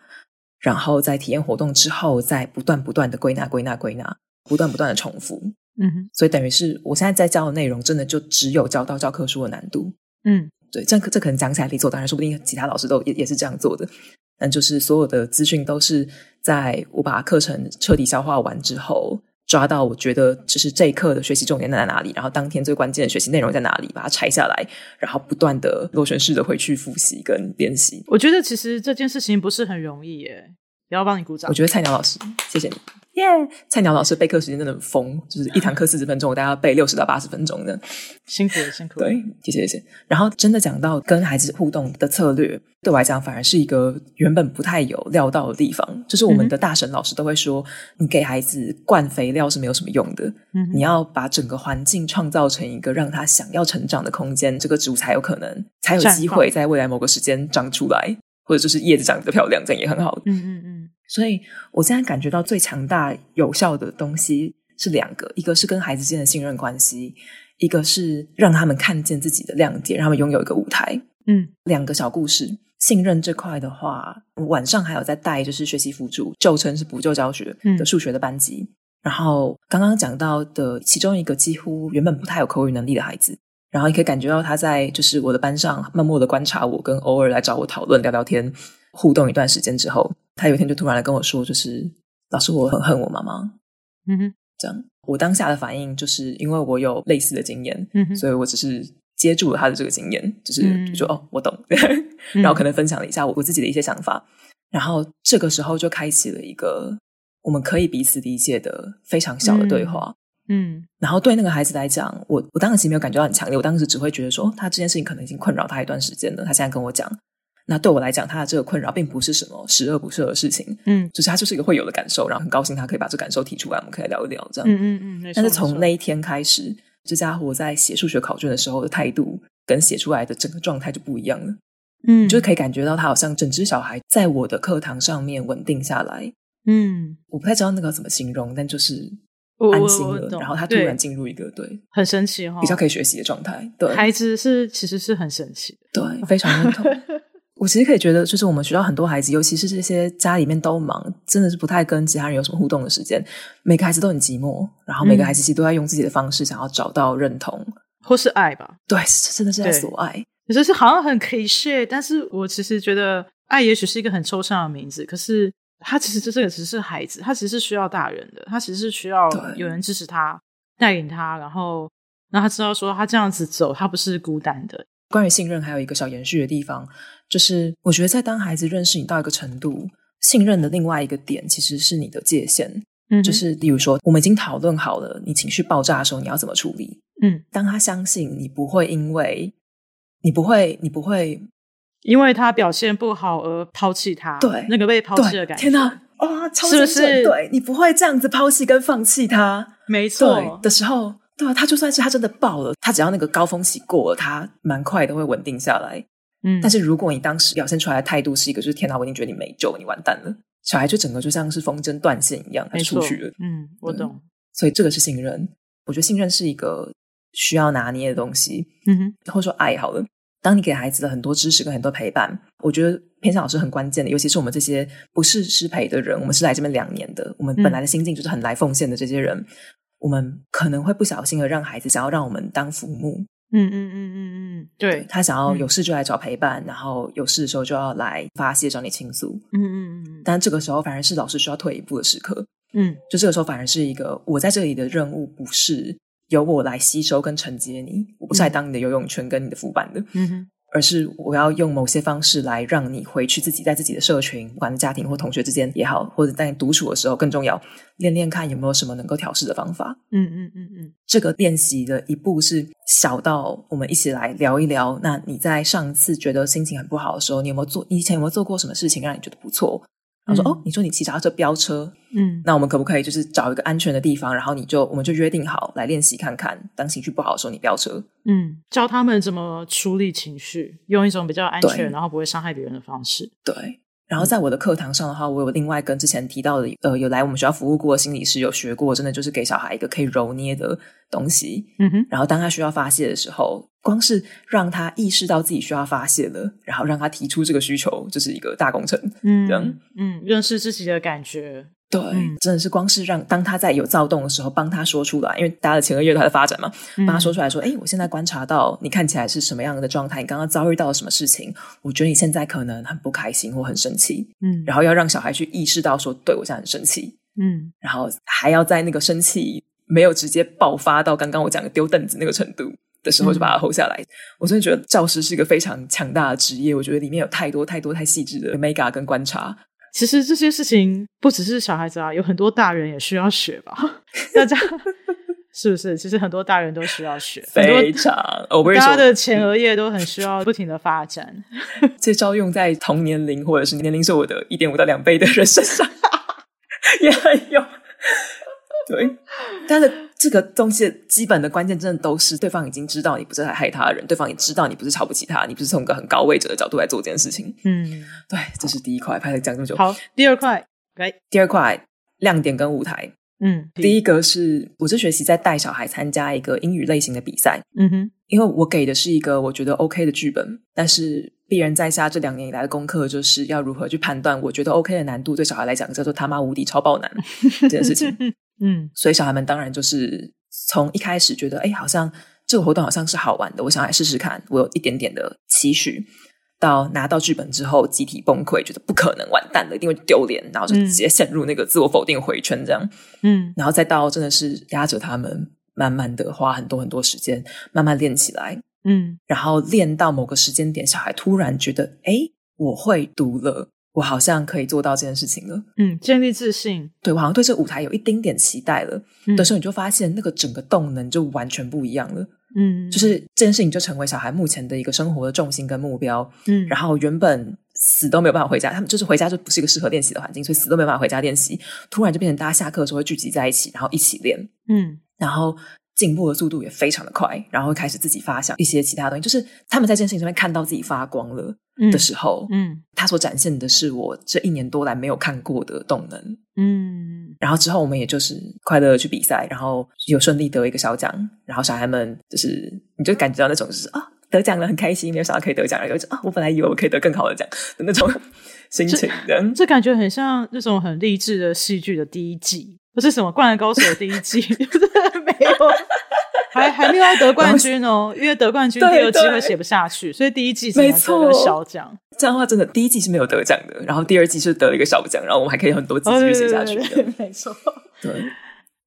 然後在體驗活動之後，再不斷不斷的歸納、歸納、歸納，不斷不斷的重複。嗯哼，所以等於是我現在在教的內容，真的就只有教到教科書的難度。嗯，對，這可這可能講起來可以做，當然，說不定其他老師都也也是這樣做的。但就是所有的資訊都是。在我把課程徹底消化完之後，抓到我覺得其實這一課的學習重點在哪裡，然後當天最關鍵的學習內容在哪裡，把它拆下來，然後不斷的螺旋式的回去複習跟練習。我覺得其實這件事情不是很容易耶，也要幫你鼓掌。我覺得菜鳥老師，嗯、謝謝你。耶！Yeah! 菜鳥老師備課時間真的很瘋，就是一堂課四十分鐘，我大概要備六十到八十分鐘的。辛苦了，辛苦了。對，謝謝，謝謝。然後，真的講到跟孩子互動的策略，對我來講，反而是一個原本不太有料到的地方。就是我們的大神老師都會說，嗯、哼你給孩子灌肥料是沒有什麼用的，嗯、哼你要把整個環境創造成一個讓他想要成長的空間，這個植物才有可能才有機會在未來某個時間長出來，或者就是葉子長得漂亮，這樣也很好。嗯嗯嗯。所以，我現在感覺到最強大、有效的東西是兩個，一個是跟孩子間的信任關係，一個是讓他們看見自己的亮點，讓他們擁有一個舞台。嗯，兩個小故事。信任這塊的話，我晚上還有在帶，就是學習輔助，舊稱是補救教學的數學的班級。嗯、然後剛剛講到的其中一個幾乎原本不太有口語能力的孩子，然後你可以感覺到他在就是我的班上默默的觀察我，跟偶爾來找我討論、聊聊天、互動一段時間之後。他有一天就突然來跟我說，就是老師，我很恨我媽媽。嗯哼，這樣，我當下的反應就是因為我有類似的經驗，嗯哼所以我只是接住了他的這個經驗，就是就說、嗯、哦，我懂。 [laughs] 然後可能分享了一下我我自己的一些想法，嗯、然後這個時候就開啟了一個我們可以彼此理解的非常小的對話。嗯，嗯然後對那個孩子來講，我我當時其實沒有感覺到很強烈，我當時只會覺得說、哦，他這件事情可能已經困擾他一段時間了，他現在跟我講。那對我來講，他的這個困擾並不是什麼十惡不赦的事情，嗯，就是他就是一個會有的感受，然後很高興他可以把這個感受提出來，我們可以聊一聊這樣。嗯嗯嗯。但是從那一天開始，這家伙在寫數學考卷的時候的態度跟寫出來的整個狀態就不一樣了。嗯，就是可以感覺到他好像整隻小孩在我的課堂上面穩定下來。嗯，我不太知道那個怎麼形容，但就是安心了。然後他突然進入一個對，很神奇哦，比較可以學習的狀態。對，孩子是其實是很神奇，對，非常認同。我其實可以覺得，就是我們學校很多孩子，尤其是這些家裡面都忙，真的是不太跟其他人有什麼互動的時間。每個孩子都很寂寞，然後每個孩子其實都在用自己的方式想要找到認同，嗯、或是愛吧。對，真的是在索愛。其實是好像很可以 share，但是我其實覺得愛也許是一個很抽象的名字。可是他其實這這個只是孩子，他其實是需要大人的，他其實是需要有人支持他、對帶領他，然後讓他知道說他這樣子走，他不是孤單的。關於信任，還有一個小延續的地方，就是我覺得在當孩子認識你到一個程度，信任的另外一個點，其實是你的界限。嗯哼，就是比如說，我們已經討論好了，你情緒爆炸的時候，你要怎麼處理。嗯，當他相信你不會，因為你不會，你不會因為他表現不好而拋棄他。對，那個被拋棄的對感覺，天哪，哇、哦，超級深，是不是？對，你不會這樣子拋棄跟放棄他。沒錯，對，的時候。對啊，他就算是他真的爆了，他只要那個高峰期過了，他蠻快都會穩定下來，嗯，但是如果你當時表現出來的態度是一個，就是天吶，我已經覺得你沒救，你完蛋了，小孩就整個就像是風箏斷線一樣，他就出去了。嗯，嗯我懂。所以這個是信任，我覺得信任是一個需要拿捏的東西。嗯哼，或者說愛好了。當你給孩子的很多知識跟很多陪伴，我覺得偏向老師很關鍵的，尤其是我們這些不是師培的人，我們是來這邊兩年的，我們本來的心境就是很來奉獻的，這些人。嗯我們可能會不小心的讓孩子想要讓我們當父母，嗯嗯嗯嗯嗯，對，他想要有事就來找陪伴，嗯、然後有事的時候就要來發洩找你傾訴，嗯嗯嗯，嗯嗯但這個時候反而是老師需要退一步的時刻，嗯，就這個時候反而是一個我在這裡的任務不是由我來吸收跟承接你，我不是來當你的游泳圈跟你的浮板的，嗯，嗯，嗯而是我要用某些方式來讓你回去自己在自己的社群，不管家庭或同學之間也好，或者在獨處的時候更重要，練練看有沒有什麼能夠調適的方法。嗯嗯嗯嗯，嗯嗯這個練習的一步是小到我們一起來聊一聊。那你在上一次覺得心情很不好的時候，你有沒有做？你以前有沒有做過什麼事情讓你覺得不錯？我說哦，你說你騎啥車飆車，嗯，那我們可不可以就是找一個安全的地方，然後你就我們就約定好來練習看看，當情緒不好的時候你飆車，嗯，教他們怎麼處理情緒，用一種比較安全對然後不會傷害別人的方式，對。然後在我的課堂上的話，我有另外跟之前提到的，呃，有來我們學校服務過的心理師有學過，真的就是給小孩一個可以揉捏的。東西，嗯哼，然後當他需要發洩的時候，光是讓他意識到自己需要發洩了，然後讓他提出這個需求，這，就是一個大工程，這樣嗯嗯，認識自己的感覺，對，嗯、真的是光是讓當他在有躁動的時候，幫他說出來，因為大家的前額葉在發展嘛，幫他說出來，說，誒、嗯欸，我現在觀察到你看起來是什麼樣的狀態，你剛剛遭遇到了什麼事情，我覺得你現在可能很不開心或很生氣，嗯，然後要讓小孩去意識到說，對我現在很生氣，嗯，然後還要在那個生氣。沒有直接爆發到剛剛我講的丟凳子，那個程度的時候，就把它 hold 下來。嗯、我真的覺得教師是一個非常強大的職業，我覺得裡面有太多太多太細緻的 m e 美感跟觀察。其實這些事情不只是小孩子啊，有很多大人也需要學吧？ [laughs] 大家是不是？其實很多大人都需要學，非常多、哦、我大家的前額葉都很需要不停的發展。 [laughs] 這招用在同年齡或者是年齡是我的一點五到兩倍的人身上也很有用。對，但是這個東西的基本的關鍵，真的都是對方已經知道你不是來害他的人，對方也知道你不是瞧不起他，你不是從個很高位者的角度來做這件事情。嗯，對，這是第一塊，拍了講這麼久。好，第二塊，第二塊亮點跟舞台。嗯，第一個是，我這學期在帶小孩參加一個英語類型的比賽。嗯哼，因為我給的是一個我覺得 OK 的劇本，但是必然在下這兩年以來的功課，就是要如何去判斷我覺得 OK 的難度對小孩來講叫做他媽無敵超爆難這件事情。 [laughs] 嗯，所以小孩們當然就是從一開始覺得，哎，好像這個活動好像是好玩的，我想來試試看，我有一點點的期許。到拿到劇本之後，集體崩潰，覺得不可能完蛋了，一定會丟臉，然後就直接陷入那個自我否定回圈，這樣。嗯，然後再到真的是壓着他們，慢慢的花很多很多時間，慢慢練起來。嗯，然後練到某個時間點，小孩突然覺得，哎，我會讀了。我好像可以做到這件事情了。嗯，建立自信，對，我好像對這個舞台有一丁點期待了。嗯，的時候，你就發現那個整個動能就完全不一樣了。嗯，就是這件事情就成為小孩目前的一個生活的重心跟目標。嗯，然後原本死都沒有辦法回家，他們就是回家就不是一個適合練習的環境，所以死都沒有辦法回家練習。突然就變成大家下課的時候會聚集在一起，然後一起練。嗯，然後。進步的速度也非常的快，然後開始自己發想一些其他東西，就是他們在這件事情上面看到自己發光了的時候，嗯，嗯他所展現的是我這一年多來沒有看過的動能，嗯，然後之後我們也就是快樂的去比賽，然後又順利得一個小獎，然後小孩們就是你就感覺到那種、就是啊、哦、得獎了很開心，沒有想到可以得獎，然後就啊、哦、我本來以為我可以得更好的獎的那種心情，嗯，這感覺很像那種很勵志的戲劇的第一季。不是什麼灌籃高手的第一季， [laughs] 沒有，還還沒有要得冠軍哦，後因為得冠軍第二季會對寫不下去，所以第一季才得了個小獎。這樣的話，真的第一季是沒有得獎的，然後第二季是得了一個小獎，然後我們還可以很多季繼續寫下去的。哦、對對對對沒錯，對。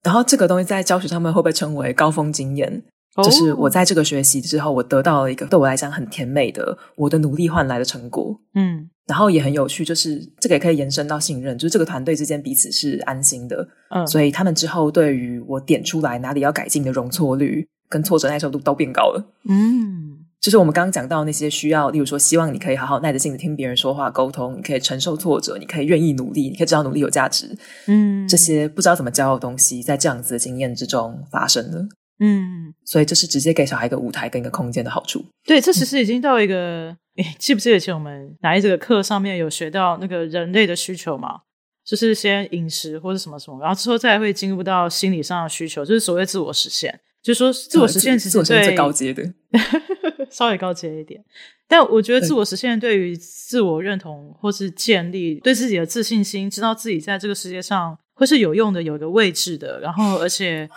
然後這個東西在教學上面會被稱為高峰經驗，哦、就是我在這個學習之後，我得到了一個對我來講很甜美的我的努力換來的成果。嗯。然後也很有趣，就是這個也可以延伸到信任，就是這個團隊之間彼此是安心的，嗯，所以他們之後對於我點出來哪裡要改進的容錯率跟挫折耐受度都變高了，嗯，就是我們剛剛講到那些需要，例如說希望你可以好好耐着性子聽別人說話溝通，你可以承受挫折，你可以願意努力，你可以知道努力有價值，嗯，這些不知道怎麼教的東西，在這樣子的經驗之中發生了。嗯，所以這是直接給小孩一個舞台跟一個空間的好處。對，這其實已經到一個，嗯、記不記得以前我們哪一節課上面有學到那個人類的需求嘛？就是先飲食或者什麼什麼，然後之後再會進入到心理上的需求，就是所謂自我實現。就是、說自我實現其實是、哦、最高階的， [laughs] 稍微高階一點。但我覺得自我實現對於自我認同或是建立，對，是建立對自己的自信心，知道自己在這個世界上會是有用的，有個位置的，然後而且。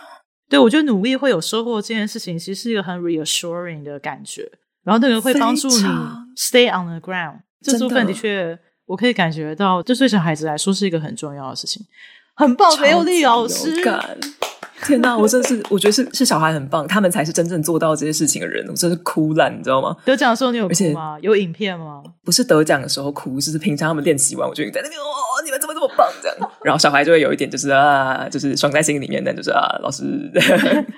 對，我覺得努力會有收穫這件事情，其實是一個很 reassuring 的感覺，然後那個會幫助你 stay on the ground 的。這部分的確，我可以感覺到，就對小孩子來說是一個很重要的事情。很棒，雷歐力，老師！天哪，我真是，我覺得是是小孩很棒， [laughs] 他們才是真正做到這些事情的人，我真是哭了，你知道嗎？得獎的時候你有哭嗎？且有影片嗎？不是得獎的時候哭，是，是平常他們練習完，我就在那邊哦，你們怎麼這麼棒這樣。 [laughs] 然後小孩就會有一點就是啊，就是爽在心裡面的就是啊，老師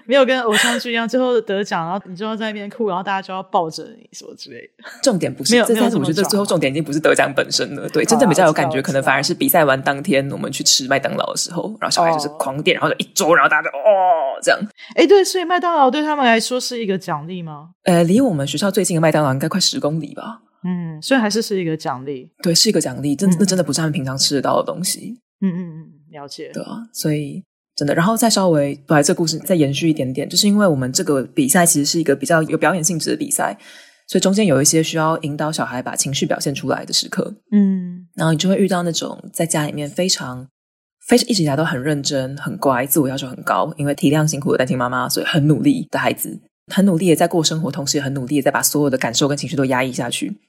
沒有跟偶像劇一樣， [laughs] 最後得獎，然後你就要在那邊哭，然後大家就要抱着你什麼之類的。重點不是，沒有，但是我覺得最後重點已經不是得獎本身了。對，啊、真正比較有感覺級可能反而是比賽完當天我們去吃麥當勞的時候，然後小孩就是狂點，哦、然後就一桌，然後大家就哦這樣。哎，對，所以麥當勞對他們來說是一個獎勵嗎？呃，離我們學校最近的麥當勞應該快十公里吧。嗯，所以還是是一個獎勵。對，是一個獎勵。真，嗯、那真的不是他們平常吃得到的東西。嗯嗯嗯，了解。對啊，所以真的，然後再稍微把這個故事再延續一點點，就是因為我們這個比賽其實是一個比較有表演性質的比賽，所以中間有一些需要引導小孩把情緒表現出來的時刻。嗯，然後你就會遇到那種在家裡面非常、非常一直以來都很認真、很乖、自我要求很高，因為體諒辛苦的單親媽媽，所以很努力的孩子，很努力的在過生活，同時也很努力的在把所有的感受跟情緒都壓抑下去。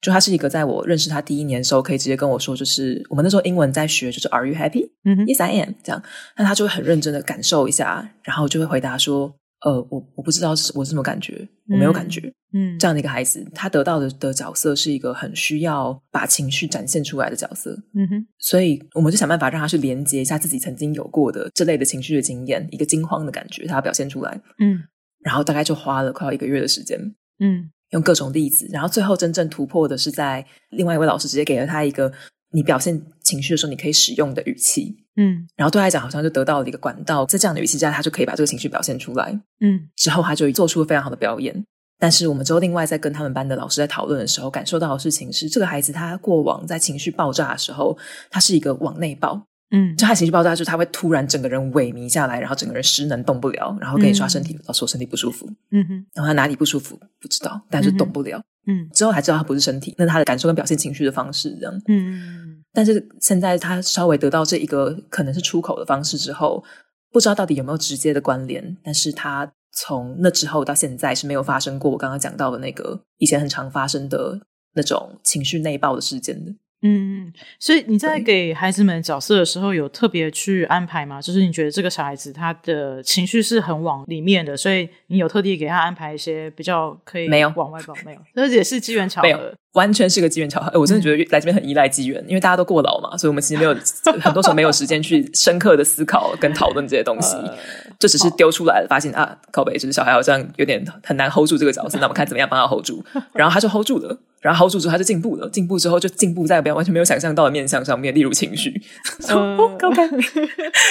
就他是一個在我認識他第一年的時候，可以直接跟我說，就是我們那時候英文在學，就是 Are you happy?、Mm hmm. Yes, I am。這樣，那他就會很認真的感受一下，然後就會回答說，呃，我我不知道我是什麼感覺，我沒有感覺。嗯、mm，hmm. 這樣的一個孩子，他得到的的角色是一個很需要把情緒展現出來的角色。嗯哼、mm，hmm. 所以我們就想辦法讓他去連接一下自己曾經有過的這類的情緒的經驗，一個驚慌的感覺，他要表現出來。嗯、mm，hmm. 然後大概就花了快要一個月的時間。嗯、mm。Hmm. 用各種例子，然後最後真正突破的是在另外一位老師直接給了他一個你表現情緒的時候，你可以使用的語氣，嗯，然後對他來講好像就得到了一個管道，在這樣的語氣之下，他就可以把這個情緒表現出來，嗯，之後他就做出了非常好的表演。但是我們之後另外在跟他們班的老師在討論的時候，感受到的事情是這個孩子，他過往在情緒爆炸的時候，他是一個往內爆。嗯，就他情緒爆炸就是他會突然整個人萎靡下來，然後整個人失能動不了，然後跟你說身體，嗯、老說身體不舒服，嗯哼，然後他哪裡不舒服不知道，但是動不了，嗯，嗯，之後才知道他不是身體，那他的感受跟表現情緒的方式這樣，嗯，但是現在他稍微得到這一個可能是出口的方式之後，不知道到底有沒有直接的關聯，但是他從那之後到現在是沒有發生過我剛剛講到的那個以前很常發生的那種情緒內爆的事件的。嗯，所以你在給孩子們角色的時候有特別去安排嗎？就是你覺得這個小孩子他的情緒是很往裡面的，所以你有特地給他安排一些比較可以沒有往外跑，沒有，這也是機緣巧合。完全是個機緣巧合、欸，我真的覺得來這邊很依賴機緣，嗯、因為大家都過勞嘛，所以我們其實沒有很多時候沒有時間去深刻的思考跟討論這些東西。這、 [laughs] 呃、只是丟出來發現啊，靠北、就是、小孩好像有點很難 hold 住這個角色，那我們看怎麼樣幫他 hold 住。然後他就 hold 住了，然後 hold 住之後他就進步了，進步之後就進步在不要完全沒有想象到的面向上面，例如情緒。靠北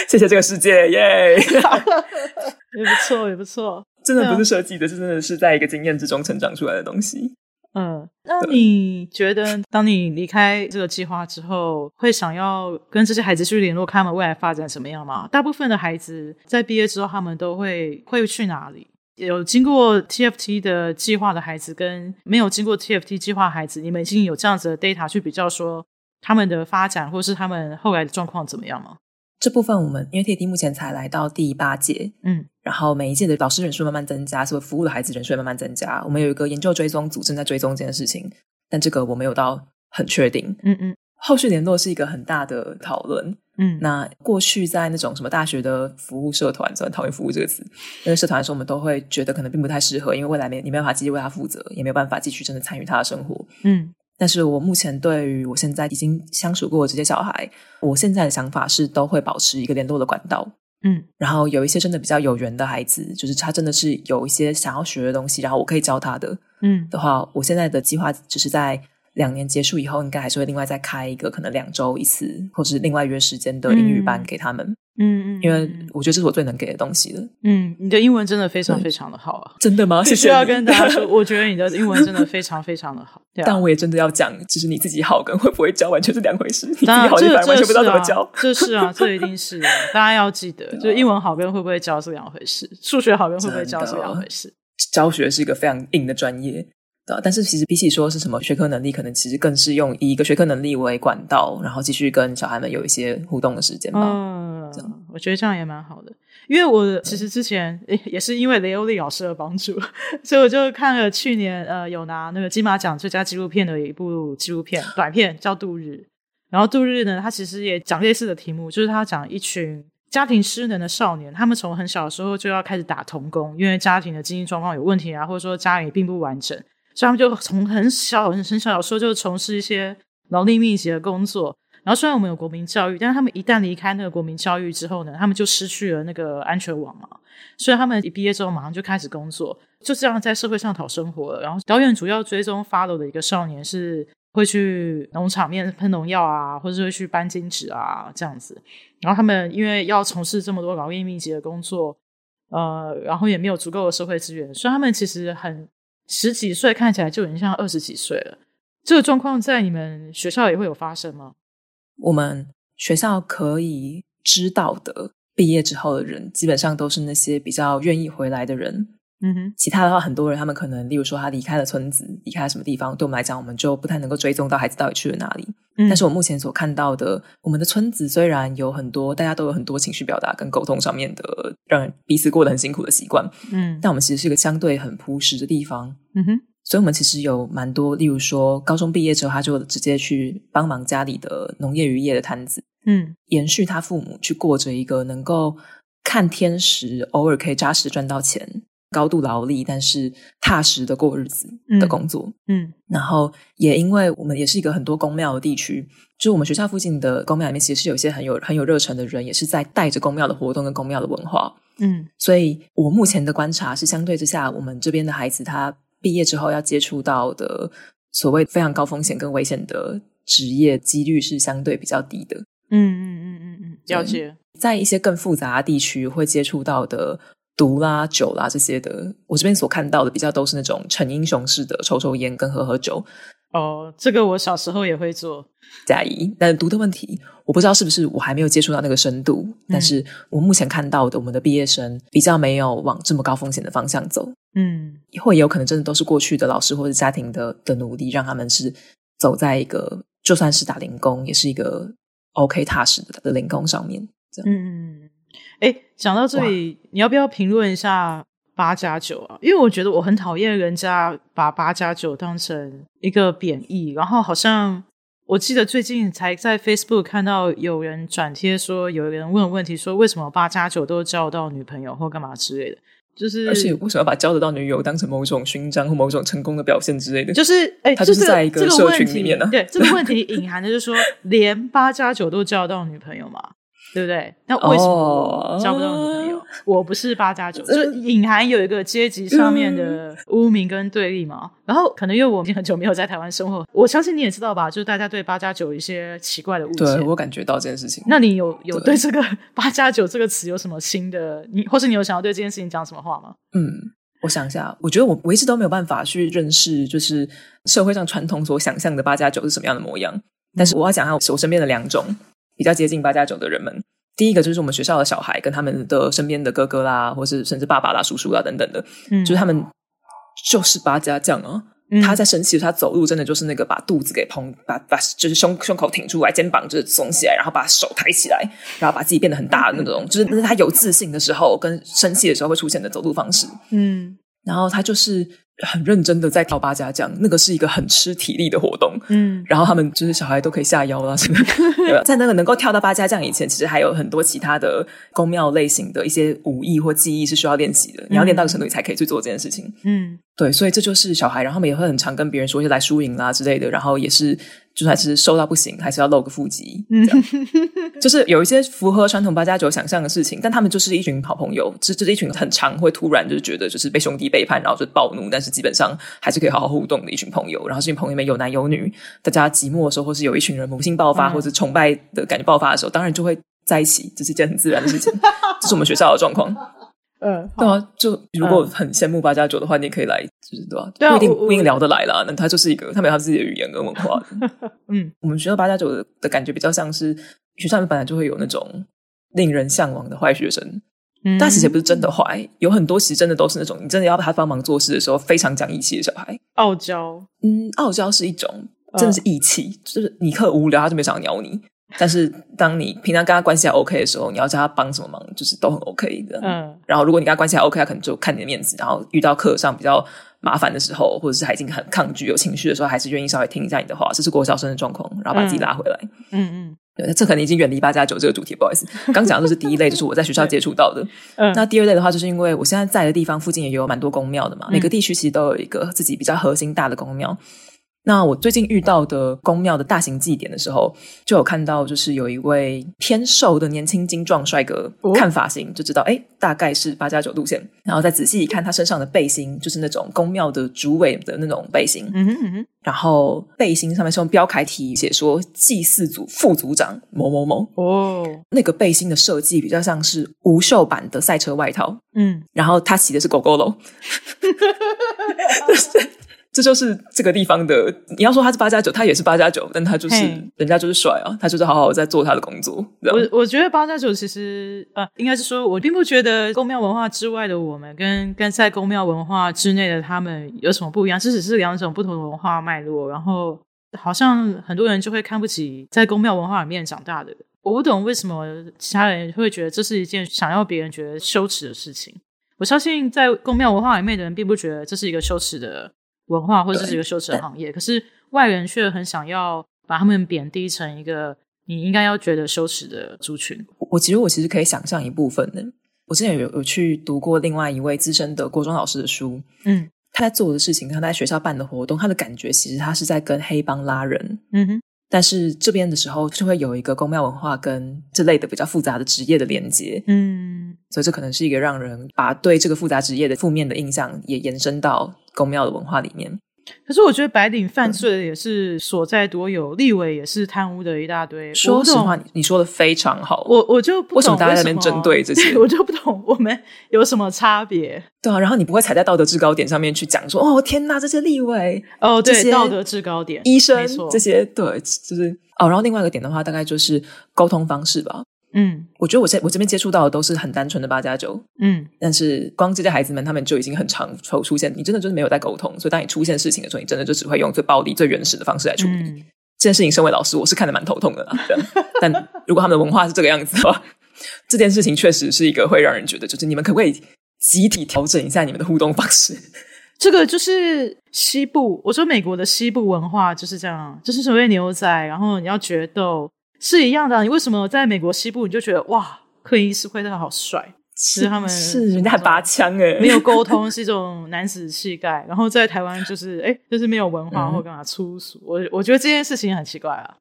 謝謝這個世界，耶， [laughs] 也不錯，也不錯，真的不是設計的，有這真的是在一個經驗之中成長出來的東西。嗯，那你覺得，當你離開這個計劃之後，會想要跟這些孩子去聯絡，看他們未來發展怎麼樣嗎？大部分的孩子在畢業之後，他們都會會去哪裡？有經過 TFT 的計劃的孩子，跟沒有經過 TFT 計劃的孩子，你們已經有這樣子的 data 去比較，說他們的發展，或是他們後來的狀況怎麼樣嗎？這部分我們因為 TFT 目前才來到第八屆，嗯，然後每一屆的老師人數慢慢增加，所以服務的孩子人數也慢慢增加。我們有一個研究追蹤組正在追蹤這件事情，但這個我沒有到很確定。嗯嗯，後續聯絡是一個很大的討論。嗯，那過去在那種什麼大學的服務社團，我很討厭服務這個詞，因為社團的時候我們都會覺得可能並不太適合，因為未來沒你沒有辦法繼續為他負責，也沒有辦法繼續真的參與他的生活。嗯。但是我目前對於我現在已經相處過我這些小孩，我現在的想法是都會保持一個聯絡的管道，嗯，然後有一些真的比較有緣的孩子，就是他真的是有一些想要學的東西，然後我可以教他的，嗯，的話，我現在的計劃只是在兩年結束以後，應該還是會另外再開一個，可能兩周一次，或是另外約時間的英語班給他們。嗯嗯嗯，因為我覺得這是我最能給的東西了。嗯，你的英文真的非常非常的好啊！真的嗎？謝謝。需要跟大家說，啊、我覺得你的英文真的非常非常的好。啊、但我也真的要講，其實你自己好跟會不會教完全是兩回事。你自己好一百，完全不知道怎麼教。這是啊，這一定是大家要記得，啊、就是英文好跟會不會教是兩回事，數學好跟會不會教是兩回事。的教學是一個非常硬的專業。但是其實比起說是什麼學科能力，可能其實更是用以一個學科能力為管道，然後繼續跟小孩們有一些互動的時間吧。嗯、哦。嗎我覺得這樣也蠻好的，因為我其實之前、嗯、也是因為雷歐力老師的幫助，所以我就看了去年呃有拿那個金馬獎最佳紀錄片的一部紀錄片短片叫《度日》， [laughs] 然後《度日》呢，他其實也講類似的題目，就是他講一群家庭失能的少年，他們從很小的時候就要開始打童工，因為家庭的經濟狀況有問題啊，或者說家庭並不完整。所以他們就從很小、很小，小的時候就從事一些勞力密集的工作。然後雖然我們有國民教育，但是他們一旦離開那個國民教育之後呢，他們就失去了那個安全網了。所以他們一畢業之後，馬上就開始工作，就這樣在社會上討生活了。然後導演主要追蹤 follow 的一個少年是會去農場面噴農藥啊，或者會去搬金紙啊這樣子。然後他們因為要從事這麼多勞力密集的工作，呃，然後也沒有足夠的社會資源，所以他們其實很。十幾歲看起來就已經像二十幾歲了，這個狀況在你們學校也會有發生嗎？我們學校可以知道的，畢業之後的人基本上都是那些比較願意回來的人。嗯哼，其他的話，很多人他們可能，例如說他離開了村子，離開了什麼地方，對我們來講，我們就不太能夠追蹤到孩子到底去了哪裡。嗯，但是我目前所看到的，我們的村子雖然有很多，大家都有很多情緒表達跟溝通上面的，讓人彼此過得很辛苦的習慣，嗯，但我們其實是一個相對很樸實的地方，嗯哼。所以我們其實有蠻多，例如說高中畢業之後，他就直接去幫忙家裡的農業漁業的攤子，嗯，延續他父母去過着一個能夠看天時，偶爾可以扎實賺到錢。高度勞力，但是踏實的過日子的工作，嗯，嗯，然後也因為我們也是一個很多宮廟的地區，就是我們學校附近的宮廟裡面，其實是有一些很有很有熱忱的人，也是在帶着宮廟的活動跟宮廟的文化，嗯，所以我目前的觀察是，相對之下，我們這邊的孩子他畢業之後要接觸到的所謂非常高風險跟危險的職業幾率是相對比較低的，嗯嗯嗯嗯嗯，嗯嗯對了解，在一些更複雜地區會接觸到的。毒啦、酒啦，這些的，我這邊所看到的比較都是那種逞英雄式的抽抽煙跟喝喝酒。哦，這個我小時候也會做。假意，但毒的問題，我不知道是不是我還沒有接觸到那個深度。嗯。但是我目前看到的，我們的畢業生比較沒有往這麼高風險的方向走。嗯，也有可能真的都是過去的老師或者家庭的的努力，讓他們是走在一個就算是打零工也是一個 OK 踏實的零工上面。這樣。嗯嗯。哎，講到這裡，哇你要不要評論一下八加九啊？因為我覺得我很討厭人家把八加九當成一個貶義，然後好像我記得最近才在 Facebook 看到有人轉貼說，有，有人問問題說，為什麼八加九都交到女朋友或幹嘛之類的，就是而且為什麼要把交得到女友當成某種勳章或某種成功的表現之類的，就是哎，他就是在一個社群裡面呢、啊？對，這個問題隱含的就是說，連，連八加九都交到女朋友嘛。對不對？那為什麼我交不到女朋友？哦、我不是八加九，9, 呃、就隱含有一個階級上面的污名跟對立嘛。呃、然後可能因為我已經很久沒有在台灣生活，我相信你也知道吧？就是大家對八加九一些奇怪的誤解，對，我感覺到這件事情。那你有有對這個八加九這個詞有什麼新的？對你或是你有想要對這件事情講什麼話嗎？嗯，我想一下，我覺得我我一直都沒有辦法去認識，就是社會上傳統所想象的八加九是什麼樣的模樣。嗯、但是我要講一下我身邊的兩種。比較接近八加九的人們，第一個就是我們學校的小孩，跟他們的身邊的哥哥啦，或是甚至爸爸啦、叔叔啦等等的，嗯，就是他們就是八家將啊，嗯，他在生氣，他走路真的就是那個把肚子給膨，把把就是胸胸口挺出來，肩膀就是聳起來，然後把手抬起來，然後把自己變得很大的那種，就是那是他有自信的時候跟生氣的時候會出現的走路方式，嗯。然後他就是很認真的在跳八家將，那個是一個很吃體力的活動，嗯。然後他們就是小孩都可以下腰啦什麼的， [laughs] 對，在那個能夠跳到八家將以前，其實還有很多其他的宮廟類型的一些武藝或技藝是需要練習的，你要練到個程度你才可以去做這件事情，嗯。對，所以這就是小孩，然後他們也會很常跟別人說一些來輸贏啦之類的，然後也是。就算還是瘦到不行，還是要露個腹肌。嗯， [laughs] 就是有一些符合傳統八加九想象的事情，但他們就是一群好朋友，這這是一群很常會突然就是覺得就是被兄弟背叛，然後就暴怒，但是基本上還是可以好好互動的一群朋友。然後是群朋友們有男有女，大家寂寞的時候，或是有一群人母性爆發，或者崇拜的感覺爆發的時候，當然就會在一起，這、就是一件很自然的事情，這、就是我們學校的狀況。 [laughs] 嗯，對啊，就如果很羨慕八加九的話，嗯、你也可以來，就是對吧、啊？對啊、不一定不一定聊得來啦，那、嗯、他就是一個，他沒有他自己的語言跟文化。 [laughs] 嗯，我們學校八加九的，的感覺比較像是學校裡本來就會有那種令人嚮往的壞學生，嗯、但其實不是真的壞，有很多其實真的都是那種你真的要把他幫忙做事的時候非常講義氣的小孩，傲嬌洲。嗯，傲嬌是一種，真的是義氣，哦、就是你特無聊他就沒想要鳥你。但是，當你平常跟他關係還 OK 的時候，你要叫他幫什麼忙，就是都很 OK 的。嗯。然後，如果你跟他關係還 OK，他可能就看你的面子。然後，遇到課上比較麻煩的時候，或者是還已經很抗拒、有情緒的時候，還是願意稍微聽一下你的話。這是國小生的狀況，然後把自己拉回來。嗯嗯。對，這可能已經遠離八加九這個主題。不好意思，剛講的就是第一類， [laughs] 就是我在學校接觸到的。嗯。那第二類的話，就是因為我現在在的地方附近也有蠻多宮廟的嘛，每個地區其實都有一個自己比較核心大的宮廟。那我最近遇到的宮廟的大型祭典的時候，就有看到，就是有一位偏瘦的年輕精壯帥哥，哦、看髮型就知道，誒、欸、大概是八加九路線。然後再仔細一看他身上的背心，就是那種宮廟的主委的那種背心。嗯，哼嗯哼，然後背心上面是用標楷體寫說“祭祀組副組長某某某”。哦，那個背心的設計比較像是無袖版的賽車外套。嗯，然後他騎的是狗狗龍。 [laughs] [laughs] [laughs] 這就是這個地方的。你要說他是八加九，9, 他也是八加九，9, 但他就是 hey, 人家就是帥啊，他就是好好，好在做他的工作。我我覺得八加九其實呃，應該是說，我並不覺得宮廟文化之外的我們跟跟在宮廟文化之內的他們有什麼不一樣，這只是兩種不同的文化脈絡。然後好像很多人就會看不起在宮廟文化裡面長大的，我不懂為什麼其他人會覺得這是一件想要別人覺得羞恥的事情。我相信在宮廟文化裡面的人並不覺得這是一個羞恥的。文化或者是，是一個羞恥的行業，可是外人卻很想要把他們貶低成一個你應該要覺得羞恥的族群。我，我其實我其實可以想象一部分的，我之前有有去讀過另外一位資深的國中老師的書，嗯，他在做的事情，他在學校辦的活動，他的感覺其實他是在跟黑幫拉人，嗯但是這邊的時候就會有一個宮廟文化跟這類的比較複雜的職業的連結，嗯，所以這可能是一個讓人把對這個複雜職業的負面的印象也延伸到宮廟的文化裡面。可是我覺得白領犯罪也是所在多有，嗯、立委也是貪污的一大堆。說實話，我懂，你說的非常好，我我就不懂為什麼大家在那邊針對這些，對，我就不懂我們有什麼差別。對啊，然後你不會踩在道德制高點上面去講說，哦，天哪，這些立委哦，對，這些，對，道德制高點，醫生沒錯，這些，對，就是哦。然後另外一個點的話，大概就是溝通方式吧。嗯，我覺得我這我這邊接觸到的都是很單純的八加九，嗯，但是光這些孩子們他們就已經很常出出現，你真的就是沒有在溝通，所以當你出現事情的時候，你真的就只會用最暴力、最原始的方式來處理、嗯、這件事情。身為老師，我是看得蠻頭痛的。 [laughs] 但如果他們的文化是這個樣子的話，這件事情確實是一個會讓人覺得，就是你們可不可以集體調整一下你們的互動方式？這個就是西部，我說美國的西部文化就是這樣，就是所謂牛仔，然後你要決鬥。是一樣的、啊，你為什麼在美國西部你就覺得哇，克林伊斯威特好帥？是，是他們是人家還拔槍誒，沒有溝通 [laughs] 是一種男子氣概。然後在台灣就是誒就是沒有文化或、嗯、幹嘛粗俗。我我覺得這件事情很奇怪啊。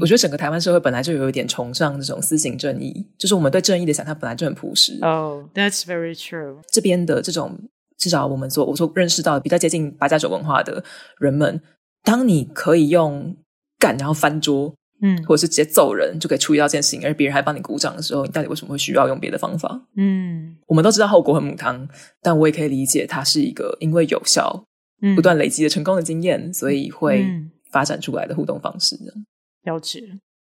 我覺得整個台灣社會本來就有一點崇尚這種私刑正義，就是我們對正義的想象本來就很樸實。Oh, that's very true。這邊的這種至少我們說，我說認識到的比較接近八家將文化的人們，當你可以用幹然後翻桌。嗯，或者是直接揍人就可以處理到這件事情，而別人還幫你鼓掌的時候，你到底為什麼會需要用別的方法？嗯，我們都知道後果很母湯，但我也可以理解，它是一個因為有效，嗯、不斷累積的成功的經驗，所以會發展出來的互動方式。了解。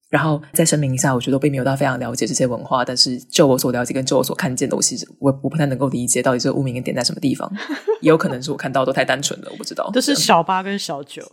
然後再聲明一下，我覺得並沒有到非常了解這些文化，但是就我所了解跟就我所看見的，我其實我不太能夠理解到底這個污名跟點在什麼地方， [laughs] 也有可能是我看到的都太單純了，我不知道。這是小八跟小九。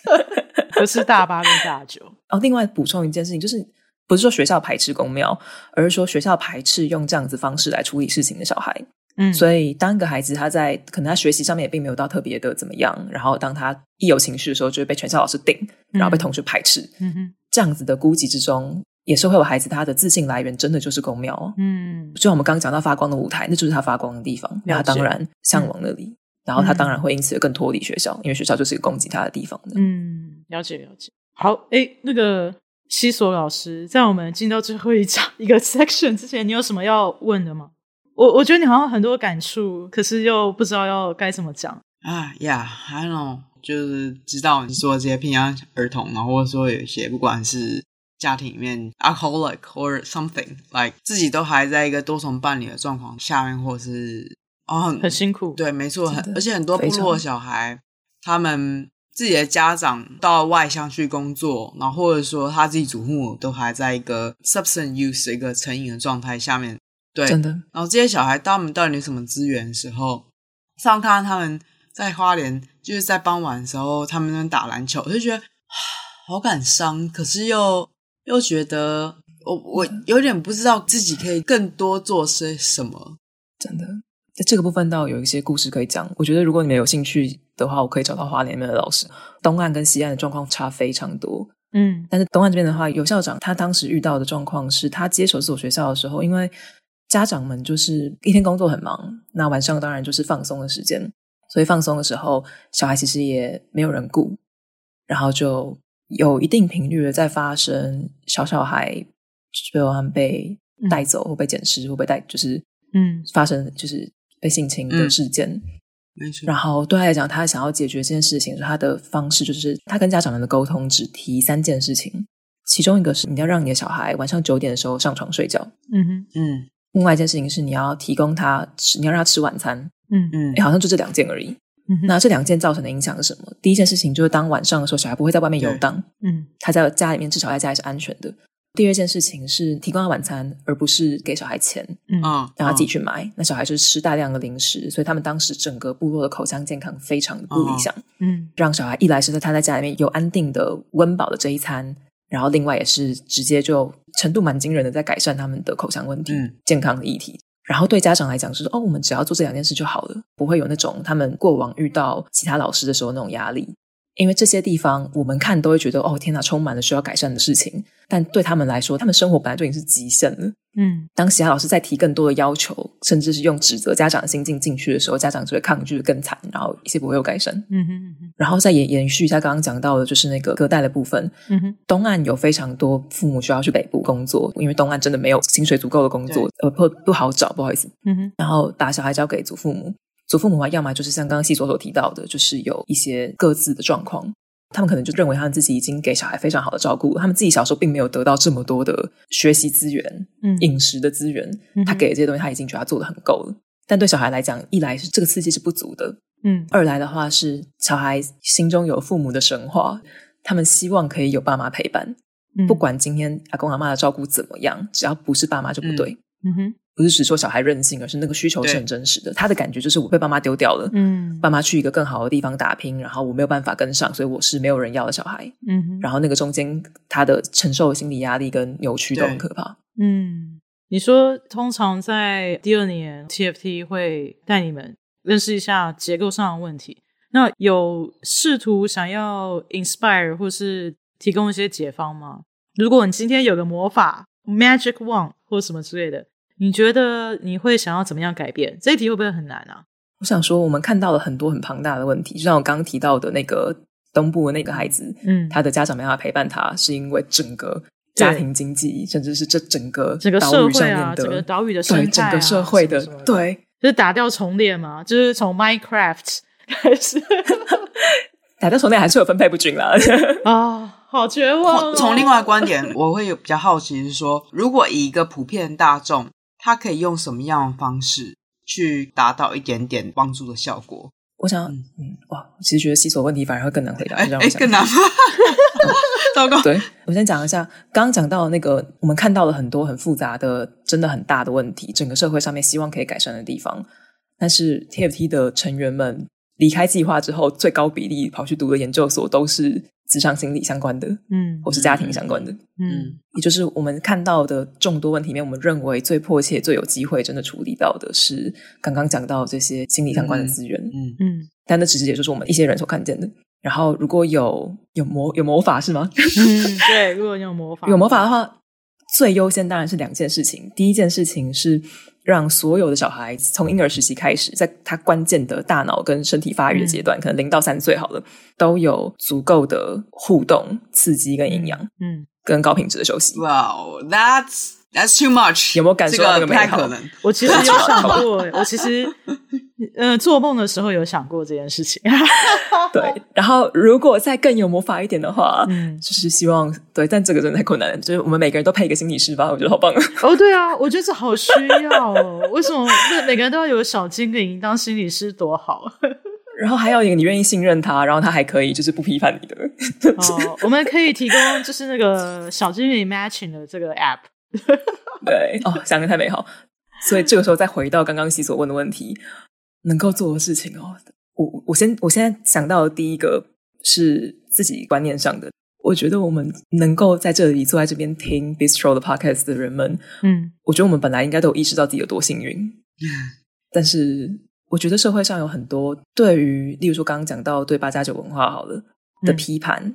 [laughs] 不是大八跟大九，然後、 [laughs] 哦、另外補充一件事情，就是不是說學校排斥宮廟，而是說學校排斥用這樣子方式來處理事情的小孩。嗯，所以當一個孩子他在可能他學習上面也並沒有到特別的怎麼樣，然後當他一有情緒的時候，就會被全校老師盯，嗯、然後被同學排斥。嗯，哼這樣子的孤寂之中，也是會有孩子他的自信來源真的就是宮廟。嗯，就像我們剛剛講到發光的舞台，那就是他發光的地方，解他當然嚮往那裡，嗯、然後他當然會因此更脫離學校，因為學校就是一個攻擊他的地方的，嗯。了解了解，好哎，那個西索老師，在我們進到最後一講，一個 section 之前，你有什麼要問的嗎？我我覺得你好像很多感觸，可是又不知道要該怎麼講啊。Uh, yeah, I know，就是知道你說這些偏鄉兒童，或者說有些不管是家庭裡面 alcoholic or something like 自己都還在一個多重伴侶的狀況下面，或是啊，哦、很,很辛苦，對，沒錯，的很而且很多部落的小孩常他們。自己的家長到外鄉去工作，然後或者說他自己祖父母都還在一個 substance use 一個成癮的狀態下面，對，真的。然後這些小孩到他們到底有什麼資源的時候，上次看到他們在花蓮，就是在傍晚的時候，他們在那邊打籃球，我就覺得好感傷，可是又又覺得我我有點不知道自己可以更多做些什麼，真的。在這個部分倒有一些故事可以講。我覺得如果你們有興趣的話，我可以找到花蓮那邊的老師。東岸跟西岸的狀況差非常多。嗯，但是東岸這邊的話，有校長，他當時遇到的狀況是他接手這所學校的時候，因為家長們就是一天工作很忙，那晚上當然就是放鬆的時間，所以放鬆的時候，小孩其實也沒有人顧，然後就有一定頻率的在發生小小孩被他們被帶走、嗯、或被撿拾或被帶，就是嗯，發生就是。被性侵的事件，嗯、沒錯。然後對他來講，他想要解決這件事情，他的方式就是他跟家長們的溝通只提三件事情，其中一個是你要讓你的小孩晚上九點的時候上床睡覺，嗯哼，嗯。另外一件事情是你要提供他吃，你要讓他吃晚餐，嗯嗯誒，好像就這兩件而已。嗯嗯、那這兩件造成的影響是什麼？第一件事情就是當晚上的時候，小孩不會在外面遊蕩，嗯，他在家裡面至少在家裡是安全的。第二件事情是提供他晚餐，而不是給小孩錢，嗯，讓他自己去買。哦、那小孩就是吃大量的零食，所以他們當時整個部落的口腔健康非常的不理想。哦、嗯，讓小孩一來是在他在家裡面有安定的溫飽的這一餐，然後另外也是直接就程度蠻驚人的在改善他們的口腔問題、嗯、健康的議題。然後對家長來講是說哦，我們只要做這兩件事就好了，不會有那種他們過往遇到其他老師的時候那種壓力，因為這些地方我們看都會覺得，哦，天哪，充滿了需要改善的事情。但對他們來說，他們生活本來就已經是極限了。嗯，當其他老師再提更多的要求，甚至是用指責家長的心境進去的時候，家長就會抗拒更慘，然後一些不會有改善。嗯哼，嗯哼，然後再延延續一下剛剛講到的，就是那個隔代的部分。嗯哼，東岸有非常多父母需要去北部工作，因為東岸真的沒有薪水足夠的工作，對呃，不不好找，不好意思。嗯哼，然後把小孩交給祖父母，祖父母啊，要麼就是像剛剛細所所提到的，就是有一些各自的狀況。他們可能就認為他們自己已經給小孩非常好的照顧，他們自己小時候並沒有得到這麼多的學習資源，嗯，飲食的資源，嗯、他給的這些東西，他已經覺得他做的很夠了。但對小孩來講，一來是這個刺激是不足的，嗯，二來的話是小孩心中有父母的神話，他們希望可以有爸媽陪伴，嗯、不管今天阿公阿媽的照顧怎麼樣，只要不是爸媽就不對。嗯嗯哼，不是只說小孩任性，而是那個需求是很真實的。對他的感覺就是我被爸媽丟掉了，嗯，爸媽去一個更好的地方打拼，然後我沒有辦法跟上，所以我是沒有人要的小孩。嗯哼，然後那個中間他的承受的心理壓力跟扭曲都很可怕。嗯，你說通常在第二年 TFT 會帶你們認識一下結構上的問題，那有試圖想要 inspire 或是提供一些解方嗎？如果你今天有個魔法。Magic One 或者什麼之類的，你覺得你會想要怎麼樣改變？這一題會不會很難啊？我想說，我們看到了很多很龐大的問題，就像我剛剛提到的那個東部的那個孩子，嗯，他的家長沒有辦法陪伴他，是因為整個家庭經濟，對甚至是這整個這個社會啊，這個島嶼的、啊、對整個社會的，的對，就是打掉重練嘛，就是從 Minecraft 開始 [laughs] 打掉重練，還是有分配不均了啊。 [laughs] oh. 好絕望！從另外觀點，我會有比較好奇，是說如果以一個普遍的大眾，他可以用什麼樣的方式去達到一點點幫助的效果？我想嗯，嗯，哇，其實覺得細索問題反而會更難回答，哎誒，更難。 [laughs] 哦、糟糕，對，我先講一下，剛剛講到那個，我們看到了很多很複雜的、真的很大的問題，整個社會上面希望可以改善的地方，但是 TFT 的成員們離開計劃之後，最高比例跑去讀的研究所都是。職場心理相關的，嗯，或是家庭相關的，嗯，也就是我們看到的眾多問題裡面，我們認為最迫切、最有機會真的處理到的，是剛剛講到這些心理相關的資源，嗯嗯，嗯，但那其實也就是我們一些人所看見的。然後如果有有魔有魔法是嗎、嗯？對，如果你有魔法， [laughs] 有魔法的話，最優先當然是兩件事情，第一件事情是。讓所有的小孩子從嬰兒時期開始，在他關鍵的大腦跟身體發育的階段，嗯、可能零到三歲好了，都有足夠的互動、刺激跟營養、嗯，嗯，跟高品質的休息。Wow, that's that's too much。有沒有感受到那個，不太可能。我其實有想過我， [laughs] 我其實。呃，做夢的時候有想過這件事情， [laughs] 對。然後，如果再更有魔法一點的話，嗯、就是希望對，但這個真的太困難，就是我們每個人都配一個心理師吧？我覺得好棒哦！對啊，我覺得這好需要哦。 [laughs] 為什麼？那每個人都要有小精靈當心理師多好？ [laughs] 然後還有一個，你願意信任他，然後他還可以就是不批判你的。 [laughs] 哦，我們可以提供就是那個小精靈 Matching 的這個 App。 [laughs] 對哦，想得太美好。所以這個時候再回到剛剛西所問的問題。能夠做的事情哦，我我先，我現在想到的第一個是自己觀念上的。我覺得我們能夠在這裡坐在這邊聽 Bistro 的 Podcast 的人們，嗯，我覺得我們本來應該都有意識到自己有多幸運。嗯，但是，我覺得社會上有很多對於，例如說剛剛講到對八加九文化好了的批判。嗯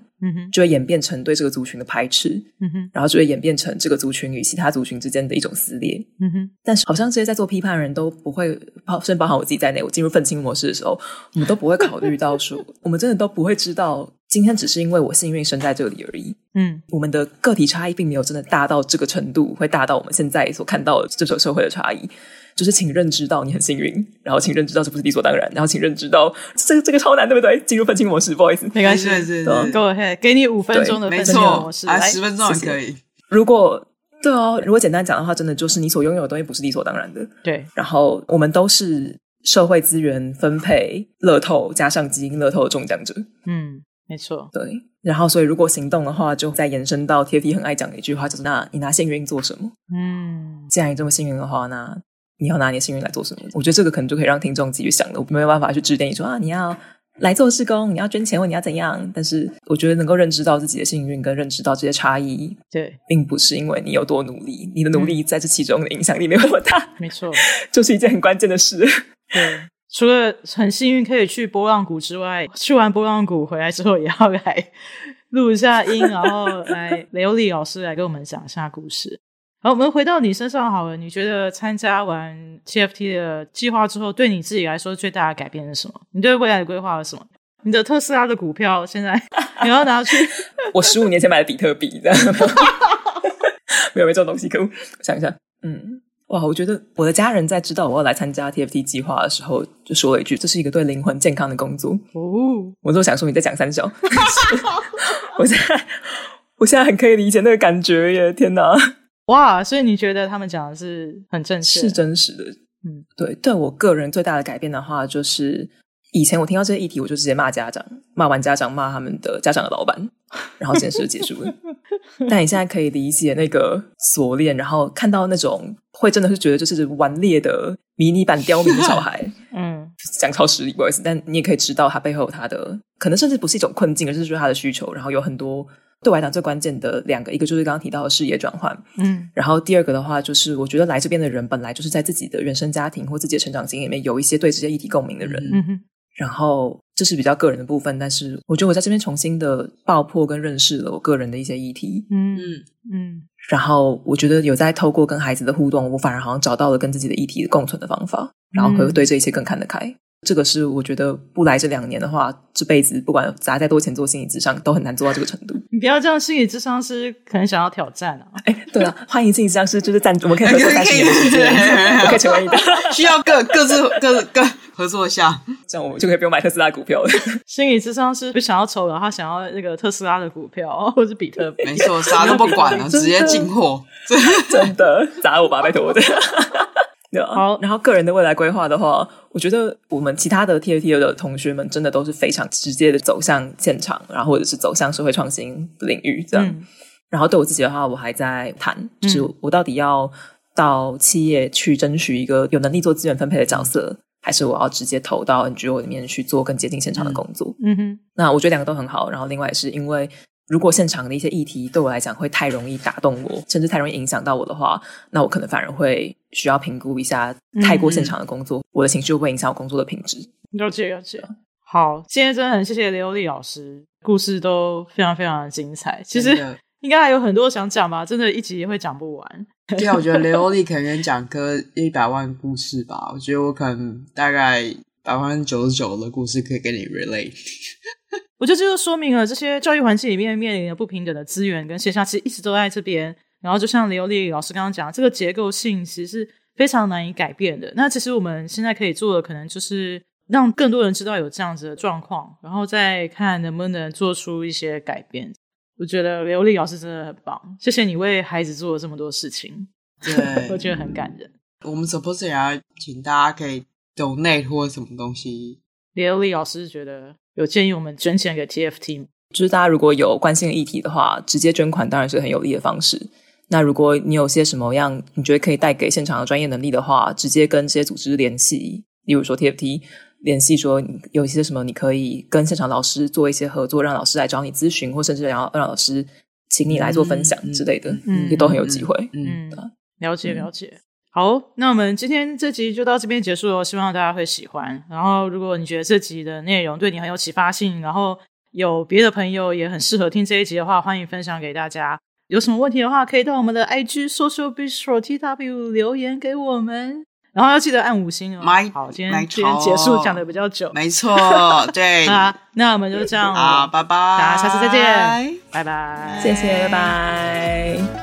就會演變成對這個族群的排斥，嗯、哼然後就會演變成這個族群與其他族群之間的一種撕裂，嗯、哼但是，好像這些在做批判的人都不會包，甚至包含我自己在內，我進入憤青模式的時候，我們都不會考慮到說， [laughs] 我們真的都不會知道，今天只是因為我幸運生在這裡而已，嗯。我們的個體差異並沒有真的大到這個程度，會大到我們現在所看到的這種社會的差異。就是請認知到你很幸運，然後請認知到這不是理所當然，然後請認知到這個、這個超難，對不對？進入憤青模式，不好意思，沒關係，Go ahead，對給你五分鐘的憤青對錯模式，啊、來十分鐘也可以。謝謝。如果對哦，如果簡單講的話，真的就是你所擁有的東西不是理所當然的。對，然後我們都是社會資源分配樂透加上基因樂透的中獎者。嗯，沒錯，對。然後，所以如果行動的話，就再延伸到 TFT 很愛講的一句話，就是：那你拿幸運做什麼？嗯，既然你這麼幸運的話，那你要拿你的幸運來做什麼？是我覺得這個可能就可以讓聽眾自己去想了。我沒有辦法去指點你說啊，你要來做義工，你要捐錢，或你要怎樣。但是我覺得能夠認知到自己的幸運，跟認知到這些差異，對，並不是因為你有多努力，你的努力在這其中的影響力沒有那麼大。沒錯、嗯，就是一件很關鍵的事。對，除了很幸運可以去波浪谷之外，去完波浪谷回來之後，也要來錄一下音， [laughs] 然後來雷歐力老師來給我們講一下故事。好，我們回到你身上好了。你覺得參加完 TFT 的計劃之後，對你自己來說最大的改變是什麼？你對未來的規劃是什麼？你的特斯拉的股票現在你要拿去？ [laughs] 我十五年前買的比特幣，這樣 [laughs] [laughs] 沒有沒這種東西可。我想一下，嗯，哇，我覺得我的家人在知道我要來參加 TFT 計劃的時候，就說了一句：“這是一個對靈魂健康的工作。”哦，我都想說你在講三小但是。 [laughs] [laughs] 我現在我現在很可以理解那個感覺耶！天哪。哇，所以你覺得他們講的是很正式，是真實的，嗯，對。對我個人最大的改變的話，就是以前我聽到這些議題，我就直接罵家長，罵完家長，罵他們的家長的老板，然後這件事就結束了。 [laughs] 但你現在可以理解那個鎖鏈，然後看到那種會真的是覺得就是頑劣的迷你版刁民的小孩， [laughs] 嗯，講超時，不好意思但你也可以知道他背後他的，可能甚至不是一種困境，而是說他的需求，然後有很多。對我來講最關鍵的兩個，一個就是剛剛提到的事業轉換，嗯，然後第二個的話就是，我覺得來這邊的人本來就是在自己的原生家庭或自己的成長經歷裡面有一些對這些議題共鳴的人，嗯哼，然後這是比較個人的部分，但是我覺得我在這邊重新的爆破跟認識了我個人的一些議題，嗯嗯，嗯然後我覺得有在透過跟孩子的互動，我反而好像找到了跟自己的議題共存的方法，然後可以對這一切更看得開。這個是我覺得不來這兩年的話，這輩子不管砸再多錢做心理諮商都很難做到這個程度。你不要這樣，心理諮商師可能想要挑戰啊！哎，對啊，歡迎心理諮商師，就是贊助，我們可以合作一段時間，哎哎哎哎、我可以成為你的。需要各各自各各合作一下，這樣我們就可以不用買特斯拉股票了。心理諮商師不想要抽，然後他想要那個特斯拉的股票，或者是比特幣，沒錯，啥都不管了， [laughs] 的直接進貨，真的 [laughs] 真的砸我吧，拜託我。 [laughs] Yeah. 好，然後個人的未來規劃的話，我覺得我們其他的 TFT 的同學們真的都是非常直接的走向現場，然後或者是走向社會創新的領域這樣。嗯、然後對我自己的話，我還在談，就是我到底要到企業去爭取一個有能力做資源分配的角色，還是我要直接投到 N G O 裡面去做更接近現場的工作？嗯，嗯哼，那我覺得兩個都很好。然後另外也是因為。如果現場的一些議題對我來講會太容易打動我，甚至太容易影響到我的話，那我可能反而會需要評估一下太過現場的工作，嗯、哼我的情緒會不會影響我工作的品質？了解，了解好，今天真的很謝謝雷歐力老師，故事都非常非常的精彩。其實的應該還有很多想講吧，真的一集也會講不完。對，我覺得雷歐力可能講個一百萬故事吧，我覺得我可能大概百分之九十九的故事可以跟你 relate。我覺得這就說明了這些教育環境裡面面臨的不平等的資源跟現象，其實一直都在這邊。然後，就像雷歐力老師剛剛講，這個結構性其實是非常難以改變的。那其實我們現在可以做的，可能就是讓更多人知道有這樣子的狀況，然後再看能不能做出一些改變。我覺得雷歐力老師真的很棒，謝謝你為孩子做了這麼多事情。對， [laughs] 我覺得很感人。我們是不是也要請大家可以 donate 或什麼東西？雷歐力老師覺得？有建議我們捐錢給 TFT，就是大家如果有關心的議題的話，直接捐款當然是很有利的方式。那如果你有些什麼樣，你覺得可以帶給現場的專業能力的話，直接跟這些組織聯繫，例如說 TFT 聯繫，說有一些什麼你可以跟現場老師做一些合作，讓老師來找你諮詢，或甚至然後讓老師請你來做分享之類的，嗯，嗯嗯也都很有機會嗯嗯，嗯，了解了解。嗯好，那我們今天這集就到這邊結束了，希望大家會喜歡。然後，如果你覺得這集的內容對你很有啟發性，然後有別的朋友也很適合聽這一集的話，歡迎分享給大家。有什麼問題的話，可以到我們的 IG social_bistro_tw 留言給我們。然後要記得按五星哦。My 好，今天錯今天結束講得比較久，沒錯，對 [laughs] 好，啊，那我們就這樣了，啊，拜拜，大家下次再見，拜拜，謝謝，拜拜。